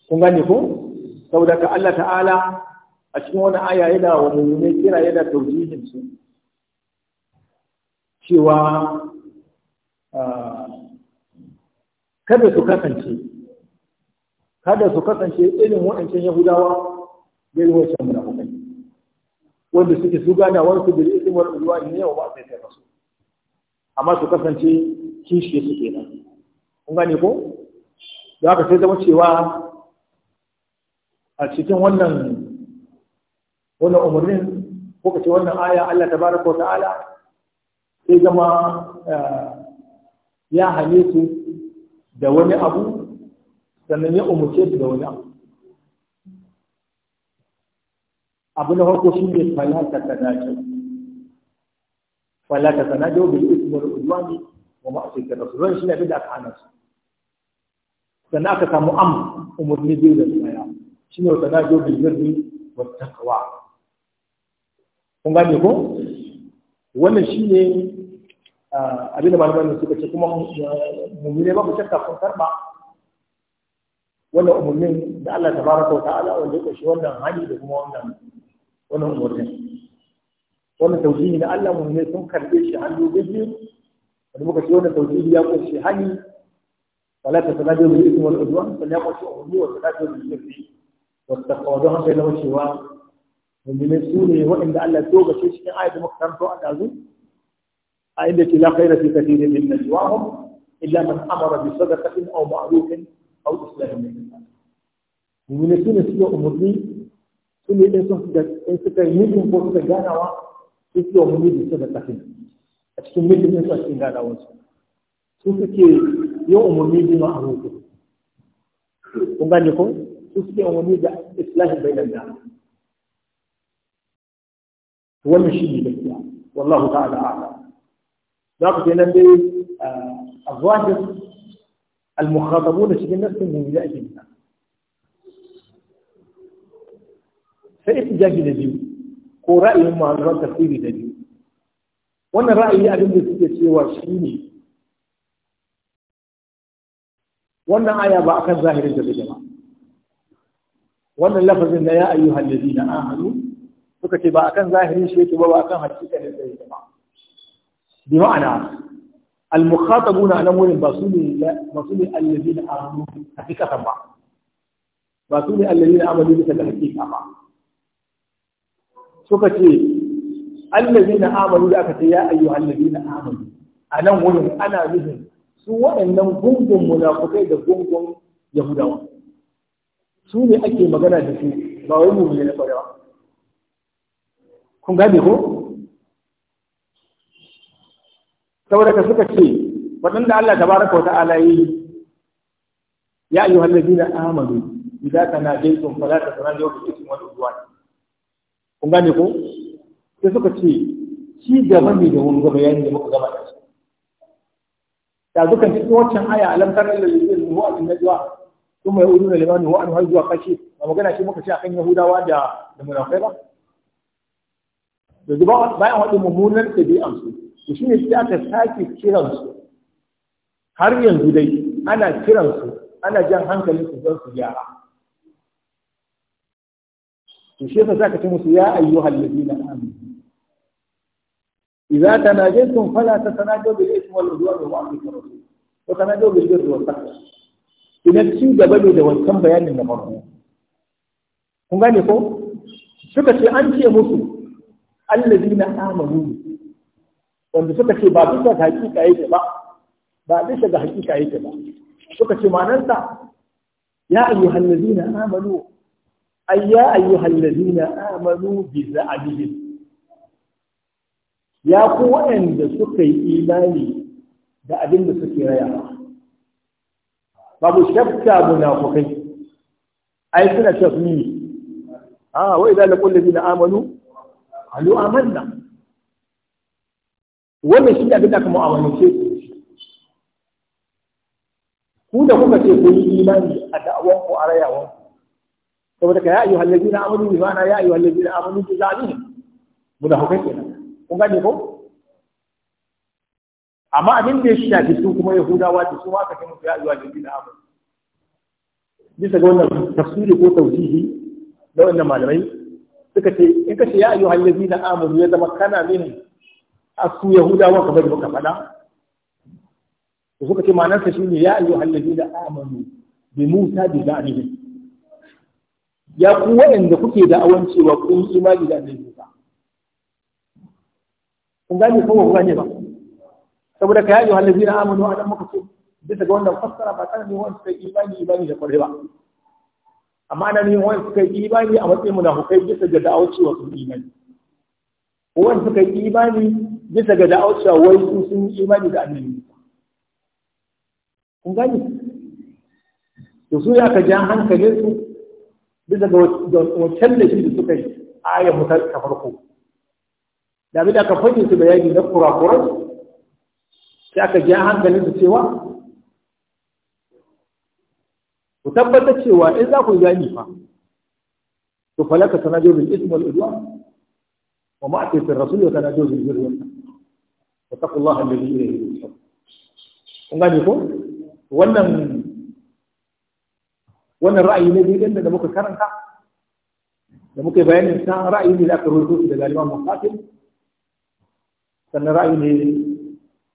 su kun gane ko saboda ka Allah ta'ala a cikin wani aya yana wa mummune kira yana taujihin su cewa ah, kada su kasance kada su kasance irin waɗancan yahudawa bil wanda suke su gana wani su bilis ɗin wani ruwa ne yau ba sai kai su amma su kasance kishi su kenan kun gane ko da haka sai zama cewa a cikin wannan wannan umarnin ko ka ce wannan aya Allah ta wa ta'ala sai zama eh, ya hane su da wani abu sannan ya umarce su da wani abu abu na farko shi ne falata ta sanajo falata sanajo bil ismi wal udwani wa ma'asiyati rasul shi ne da aka hana su sannan aka samu am umarni biyu da tsaya shi ne sanajo bil birri wa taqwa kun gane ko wannan shi ne abin da malaman suka ce kuma ne ba ku shakka kun karba wannan umarnin da Allah ta baraka wa ta'ala wanda ya ƙunshi wannan hali da kuma wannan wannan umarnin wannan tauhidi na Allah mu ne sun karbe shi hannu biyu wanda muka ce wannan tauhidi ya kunshi hani wala ta sanadu bi ismi wal udwan sannan ya kunshi umarni wa sanadu bi ismi wa taqwa don haka yana cewa mu'minin su ne waɗanda Allah ya toga shi cikin ayatu muka karanto a dazu a inda ke la khaira fi kathirin min najwahum illa man amara bi sadaqatin aw ma'rufin aw islahin min al-nas mu'minin su ne suka umarni kuma yadda sun suka yi mijin ko suka ganawa su ke wani mijin su da tafi a cikin mijin ɗinsu a cikin ganawar su su suke yin umarni bi ma a mutu kun gane ko su suke umarni da islahi bai da wannan shi ne gaskiya wallahu ta'ala a'lam za ku kenan dai a zahir al-mukhatabuna cikin nassin ne da ake nuna sai ihtijaji da biyu ko ra'ayin ma'azuran tafsiri da biyu wannan ra'ayi abin da suke cewa shi ne. wannan aya ba akan zahirin da ba wannan lafazin da ya na ladina amanu suka ce ba akan zahirin shi yake ba ba akan da ya ba bi ma'ana al-mukhatabuna ala mulin ba su ne ba su ne alladina amanu hakikatan ba ba su ne alladina amanu bisa da hakika ba suka ce na amalu da aka ce ya ayyu na amalu a nan wurin ana nufin su waɗannan gungun munafukai da gungun yahudawa su ne ake magana da su ba wai mu ne na ƙwarewa kun gane ko saboda ka suka ce waɗanda Allah tabaraka wa ta'ala yi ya ayyuhal ladina amanu idza tanajaytum fala tasnadu bi ismi wal udwan kun gane ko sai suka ce ci gaba ne da wani bayani da muka gama da shi da dukan cikin waccan aya alamtar da lalibin ruwa a najwa sun mai udu da limanin wa an zuwa kashi ba magana shi muka ce akan yahudawa da da munafikai ba da zuba bayan waɗin mummunar ɗabi'ansu to shi ne sai aka sake kiransu har yanzu dai ana kiransu ana jan hankalin su don su gyara الشيخ ساكت يا أيها الذين آمنوا إذا تناجلتم فلا تتناجوا بالإثم والعدوان ومعصية الرسول وتناجوا بالبر والتقوى إن تسيب دبل دول كم بيان من مرة هم قال يقول شكا في أنت يا مسلم الذين آمنوا وأن شكا في بابك تحقيق أي تبع بابك تحقيق أي تبع شكا في معنى يا أيها الذين آمنوا ay ya ayyuhal ladina amanu bi za'abihim ya ku waɗanda suka yi imani da abin da suke raya babu shakka munafukai ai suna cewa sun yi a ah, wa idan laqul ladina amanu qalu amanna wannan shi abin da aka ce. ku da kuka ce kun yi imani a da'awanku a rayawanku saboda ka ya ayyuhal ladina amanu bi ma'ana ya ayyuhal ladina amanu bi zalihim munafikai kenan kun gane ko amma abin da ya shafi su kuma yahudawa da su ma aka kai musu ya ayyuhal ladina amanu bisa ga wannan tafsiri ko tausihi da wannan malamai suka ce in ka ce ya ayyuhal ladina amanu ya zama kana min asu yahudawa kamar da muka faɗa suka ce ma'anarsa shine ya ayyuhal ladina amanu bi musa bi zalihim ya ku waɗanda kuke da awancewa kun yi imani da annabi Musa kun gane ko ba gane ba saboda ka yayi halin na amanu a dan muka ce bisa ga wannan fassara ba kana ne wanda suka imani imani da kwarai ba amma ana ne wanda suka yi imani a matsayin kai bisa ga da'awar cewa sun imani wanda suka yi imani bisa ga da'awar cewa wai su sun imani da annabi Musa kun gane to su ya ka ja hankalin su bisa ga wancan da da suka yi a aya mutar ta farko da bi da ka fage su bayani na kurakuran sai aka ja hankalin da cewa ku tabbatar cewa in za ku gani fa to falaka tanajo bil ismi wal udwan wa ma'ati fi rasul tanajo bil birri wa taqullaha alladhi ilayhi tusharun kun gani ko wannan wannan ra'ayi ne dai da muka karanta da muka bayani ta ra'ayi ne da aka rubuto shi daga Imam Musafir sannan ra'ayi ne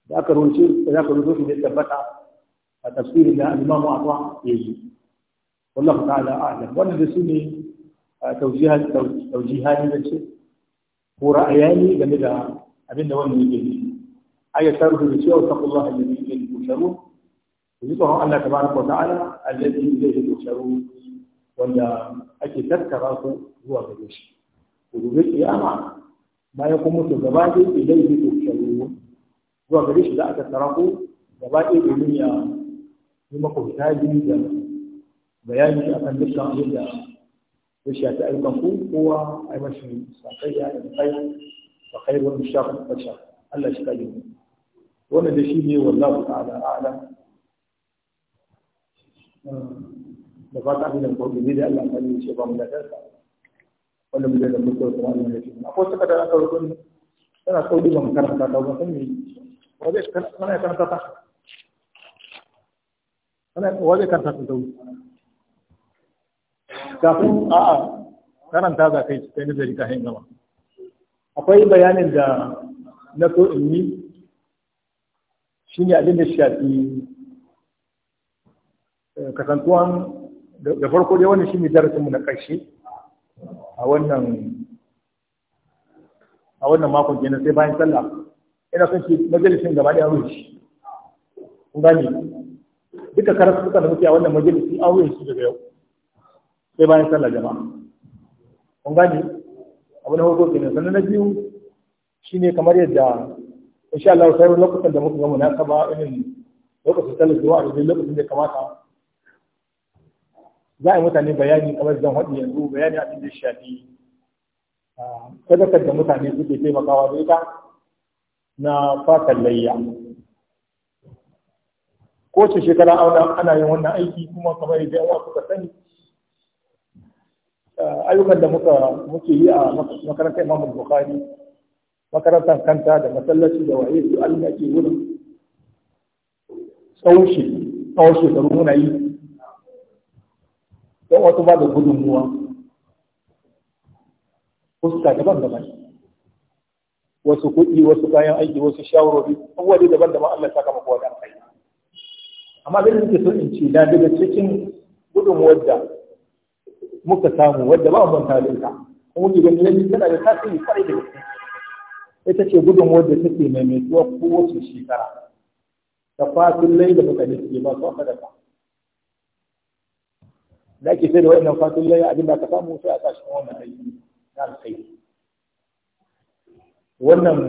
da aka rubuto da aka rubuto shi da tabbata a tafsiri da Imam Abu yayi wallahu ta'ala a'lam wannan da sune tawjihan tawjihan da ce ko ra'ayani game da abin da wannan yake ne ayatar da cewa taqullaha alladhi yushirun ku ji tsoron Allah tabaraka wa ta'ala alladhi ilayhi tusharu wanda ake tattara ku zuwa gare shi ku gobe kiyama bayan kuma mutu gaba ɗaya ilayhi tusharu zuwa gare shi za a tattara ku gaba ɗaya domin ya yi maku hisabi da bayani akan dukkan abin da ya shafi ayyukan ku kowa yi mashi sakayya da kai da wa khairul mushaq fasha. Allah shi kaje wannan da shi ne wallahu ta'ala a'lam da fata da da Allah ta yi ce ba mu da wanda mu da da mutuwa kuma akwai da aka rubuta tana ba ta karanta ta karanta ta kafin a'a karanta za kai gama akwai bayanin da na so in yi shine abin da shafi kasantuwan da farko dai wannan shine darasinmu na ƙarshe a wannan makon kenan sai bayan sallah ina son shi majalisin gaba ɗaya yawon shi kun gani duka suka da muke a wannan majalisi an shi daga yau sai bayan sallah jama'a kun gani abu na hoto kenan sannan na biyu shine kamar yadda insha Allah sauran lokutan da muka na kaba, irin lokacin sallar zuwa da lokacin da kamata za a yi mutane bayani kamar zan haɗu yanzu bayani abin da shafi sadakar da mutane suke taimakawa da ita na fatan layya kowace shekara auna ana yin wannan aiki kuma kamar yadda yawa suka sani ayyukan da muka muke yi a makarantar imam bukhari makarantar kanta da masallaci da waye su alina ke wurin tsawon shekaru muna yi don wasu ba da gudunmuwa fuska daban-daban wasu kuɗi wasu kayan aiki wasu shawarwari abubuwa dai daban-daban Allah ya saka maka wajen kai amma zai nake so in ce da daga cikin gudun wadda muka samu wadda ba mu manta da ita kuma ni ganin lalle tana da tasiri kwarai da gaske ita ce gudun wadda take maimaituwa kowace shekara da fatun lai da mutane suke ba su aka dafa da ake sai da wa'annan fatun laya abin da ka samu sai a tashi shi wannan aiki na alkhairi wannan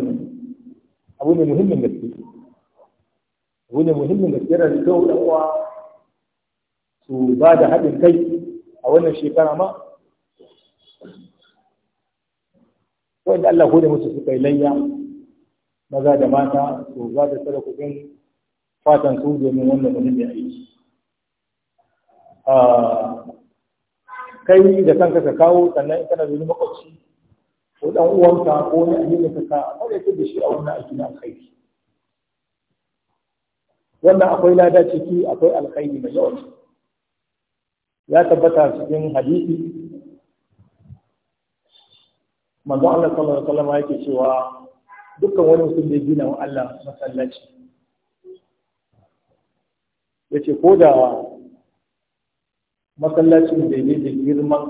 abu ne muhimmin gaske abu ne muhimmin gaske yana da kyau uwa su ba da haɗin kai a wannan shekara ma wanda Allah da musu suka yi layya maza da mata su ba da sadakokin fatan su domin wannan muhimmin aiki kai da kanka ka kawo sannan in kana da makwabci ko dan uwanka ko wani da ka ka kare ka da shi a wannan aiki na alkhairi wannan akwai lada ciki akwai alkhairi mai yawa ya tabbata cikin hadisi manzo Allah sallallahu alaihi wasallam yake cewa dukkan wani mutum da gina wa Allah masallaci yace ko da masallacin da ne da girman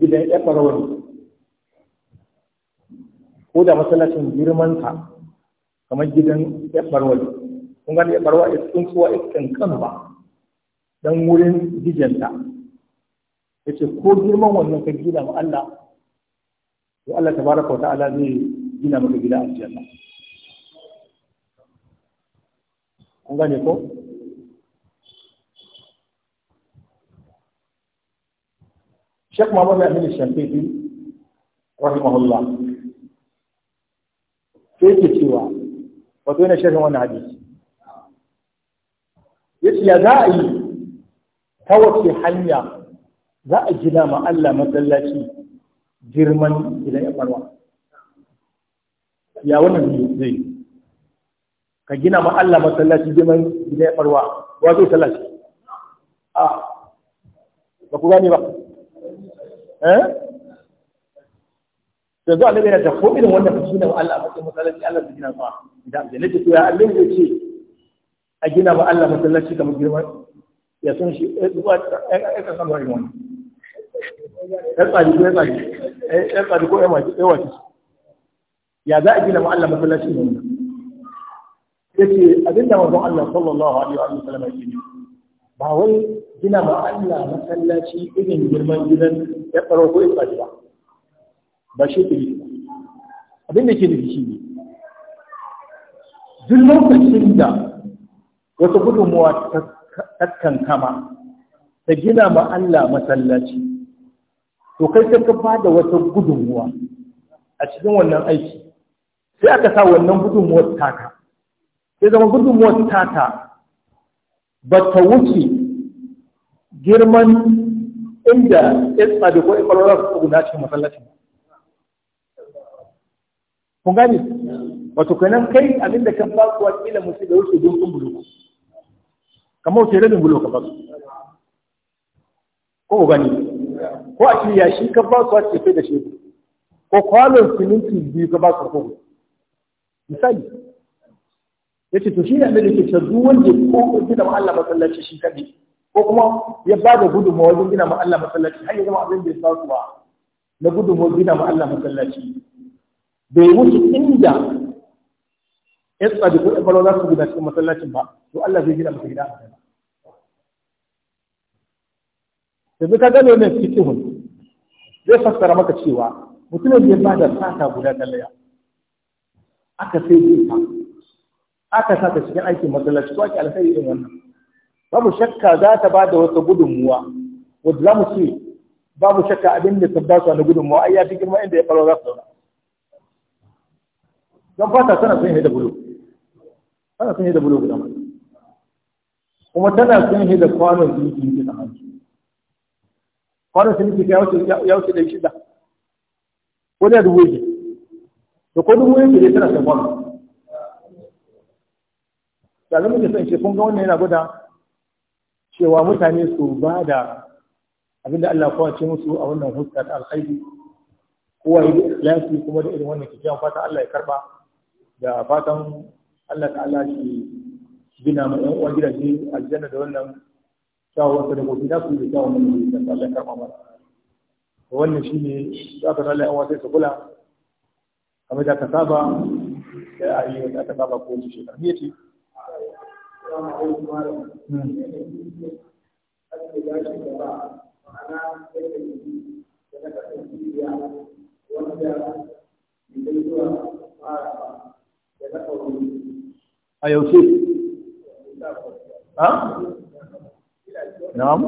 gidan efarawar ko da masallacin girmanta kamar gidan efarawar kun gani a cikin suwa iskan kan ba don wurin gijanta ya ce ko girman wannan ka gina ma Allah to Allah ta baraka wa ta'ala zai gina maka gida aljanna kun gane ko Sheikh Muhammad Amin Shafi'i rahimahullah sai ke cewa wato yana shehu wannan hadisi yace ya za a yi ta wace hanya za a gina ma Allah masallaci girman gidan ya barwa ya wannan ne zai ka gina ma Allah masallaci girman gidan ya barwa wa zai sallaci a ba ku gane ba da zuwa da yana ko irin wannan fashi da Allah a cikin masallaci Allah su gina sa idan da nake to ya Allah ya ce a gina ba Allah masallaci kamar girman ya san shi eh, zuwa ya eh, eh, ka san wani wani ya tsari ko ya tsari ya tsari ko ya wace ya wace ya za a gina ma Allah masallaci ne yace abinda manzon Allah sallallahu alaihi wa sallam ya ce ba wai gina ba Allah masallaci irin girman gidan ya tsaro ko ya ba ba shi yi. abin da ke da shi ne duk lokacin da wata gudunmuwa ta kankama ta gina ba Allah masallaci to kai ta kafa da wata gudunmuwa a cikin wannan aiki sai aka sa wannan gudunmuwar taka sai zama gudunmuwar taka ba ta wuce girman inda ya tsada ko ikwalwar su ko guda cikin masallacin kun gani wato kenan kai abin da kan bakuwa ku wakila musu da wuce don sun bulu kamar wuce rabin bulu ka basu ko gani ko a cikin yashi kan ba su wace sai da shi ko kwalon siminti biyu ka basu su ko misali ya ce to shi ne abin da ke cewa duk wanda ko gina ma'alla masallaci shi kaɗai ko kuma ya ba da gudunmawa wajen gina ma Allah masallaci har ya zama abin da ya sa kuwa na gudunmawa gina ma Allah masallaci bai wuce inda ya tsadi ko ɗan za su gina cikin masallacin ba to Allah zai gina masa gida a kai yanzu ka gane wannan hun zai fassara maka cewa mutumin da ya ba da sata guda dalaya aka sai ta aka sata cikin aikin masallaci ko ake alkhairi irin wannan babu shakka za ta ba da wata gudunmuwa wadda za mu ce babu shakka abin da ta ba su na gudunmuwa ai ya fi girma inda ya faro za su zauna don fata tana sun yi da bulu tana sun yi da bulu guda mai kuma tana sun yi da kwanon sun yake kinki da hannu kwanon sun yi ya wuce da shida ko da dubu yake da ko dubu yake da tana sun kwanon da zama ke son shi kun ga wannan yana gwada cewa mutane su ba da abin da Allah kowace musu a wannan huska ta alkhairi kowa yi ikhlasi kuma da irin wannan kiyama fatan Allah ya karba da fatan Allah ta'ala shi gina ma yan uwan gidaje aljanna da wannan shawar da gobe da su da shawar da gobe da Allah ya karba mana wannan shi ne za ka Allah ya wasa su kula kamar da ka saba da yi da ka saba ko wani shekaru ne ce Hmm. a yaushe ha na'am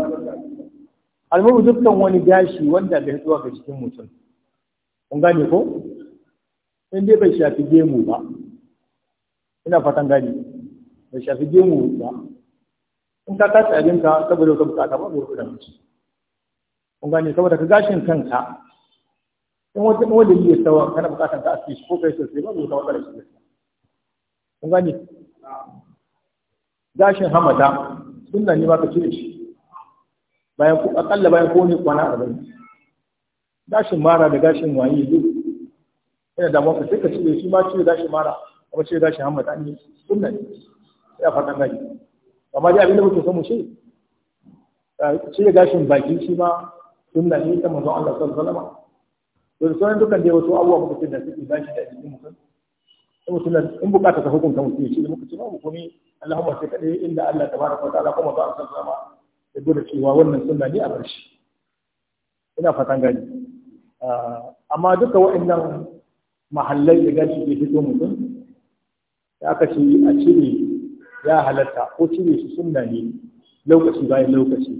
almuru dukkan wani gashi wanda ga zuwa ga cikin mutum kun gane ko in dai bai shafi gemu ba ina fatan gani bai shafi gemu ba in ka tashi abinka saboda wata buƙata ba bai kuɗa mace kun gane saboda ka gashin kanka in wata ɗan wanda ya sawa kana bukatar ka asibiti ko kai sosai ba bai wata wata rashin gaskiya kun gane gashin hamada sunna ne ma ka cire shi bayan akalla bayan ko kowane kwana arba'in gashin mara da gashin waye duk yana damuwa ka sai ka cire shi ma cire gashin mara kuma cire gashin hamada ne sunna ne ya fatan gani amma dai abinda muke son mu shi shi gashin baki shi ma sunna ne ta manzon Allah sallallahu alaihi wasallam to sai dukkan dai wasu abubuwa muka ce da suke gashi da jikin mutum in mutum in bukata ta hukunta mutum shi ne muka ce komai Allahumma sai kadai inda Allah tabaraka wa ta'ala kuma ba sallama ya gode cewa wannan sunna ne a bar shi ina fatan gani amma duka wa'annan mahallai da gashi ke fito mutum ya aka ce a cire ya halatta ko cire su sunna ne lokaci bayan lokaci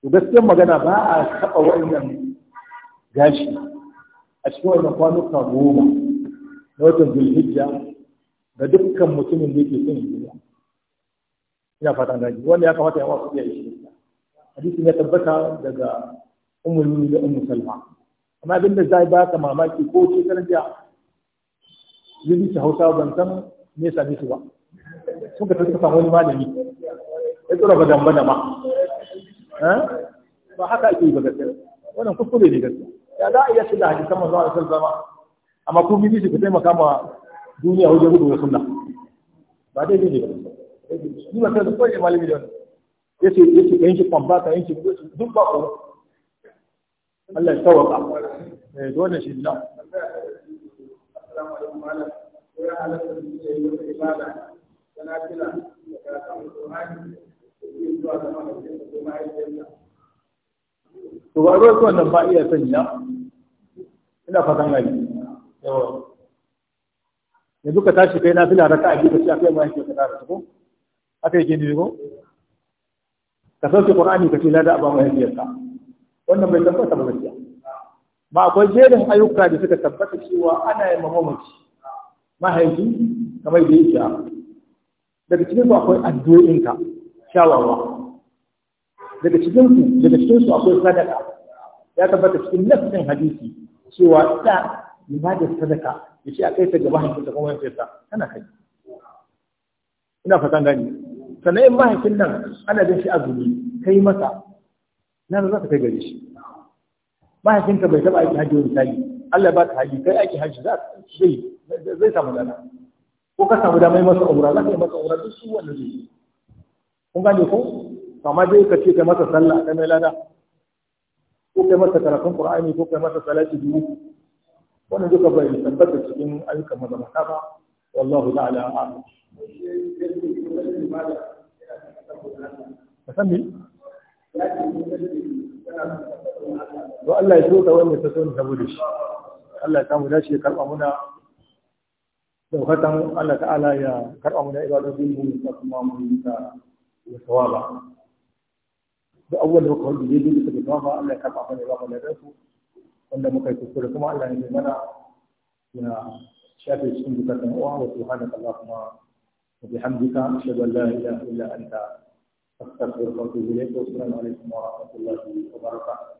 to gaskiyar magana ba a taɓa wannan gashi a cikin wannan kwanuka goma na watan zulhijja ga dukkan mutumin da yake son hijira ina fatan gani wanda ya kamata ya wasu iya shi hadisin ya tabbata daga ummul mu'minin da ummu salma amma abin da zai baka mamaki ko ce karanta ta hausa ban san me ya same su ba suka tafi samu wani malami ya tsura ba damba da ma eh? ba haka ake yi ba wannan kuskure ne ya za a iya da hadisan manzo amma bibi shi taimaka ma duniya wajen gudu da sunna ba dai ne ba ni ba sai kowane malami da yace yace ka kwamba ka yanki duk ba ko Allah ya tawaka eh shi na assalamu alaikum malam ta nafila da karatun Qur'ani yin zuwa da mahaifinsa ko mahaifiyarsa to ba ruwa wannan ba iya sanya ina fatan gani yawa yanzu ka tashi kai na nafila raka a biyu ka ce akai mahaifiyarka ta rasu ko haka yake ne ko ka sauke Qur'ani ka ce lada ba mahaifiyarka wannan bai tabbata ba gaskiya ba akwai jerin ayyuka da suka tabbata cewa ana yin mamaci mahaifi kamar da yake daga cikin su akwai addu'o'inka kyawawa daga cikin su daga cikin su akwai sadaka ya tabbata cikin nafsin hadisi cewa da sadaka ya ce a kai ta gaba hankali ta kuma yanke ta tana kai ina fatan gani sannan in mahaifin nan ana jin shi azumi kai masa na za ka kai gare shi mahaifinka bai taba aiki hajji misali Allah ba ta hajji, kai aiki hajji za zai zai samu lana ko ka samu damar masa umra za ka yi masa umra duk su wanda zai yi kun gane ko amma dai ka ce kai masa sallah ta mai lada ko kai masa karatun qur'ani ko kai masa salati dubu wannan duka bai tabbata cikin ayyukan mazamata ba wallahu ta'ala a'lam ka san me to Allah ya so ta wanda ta so ni saboda shi Allah ya samu dace ya karba muna da fatan Allah ta'ala ya karɓa mu da ibadodin mu da kuma mu yi ta da tawaba da abubuwan da muka hudu da yi da tawaba Allah ya karɓa mana ya ba mu da su wanda muka yi kuskure kuma Allah ya mana ya shafe cikin bukatun uwa wa subhanaka allahumma wa bihamdika ashhadu an la ilaha illa anta astaghfiruka wa atubu ilayk wa assalamu alaikum wa rahmatullahi wa barakatuh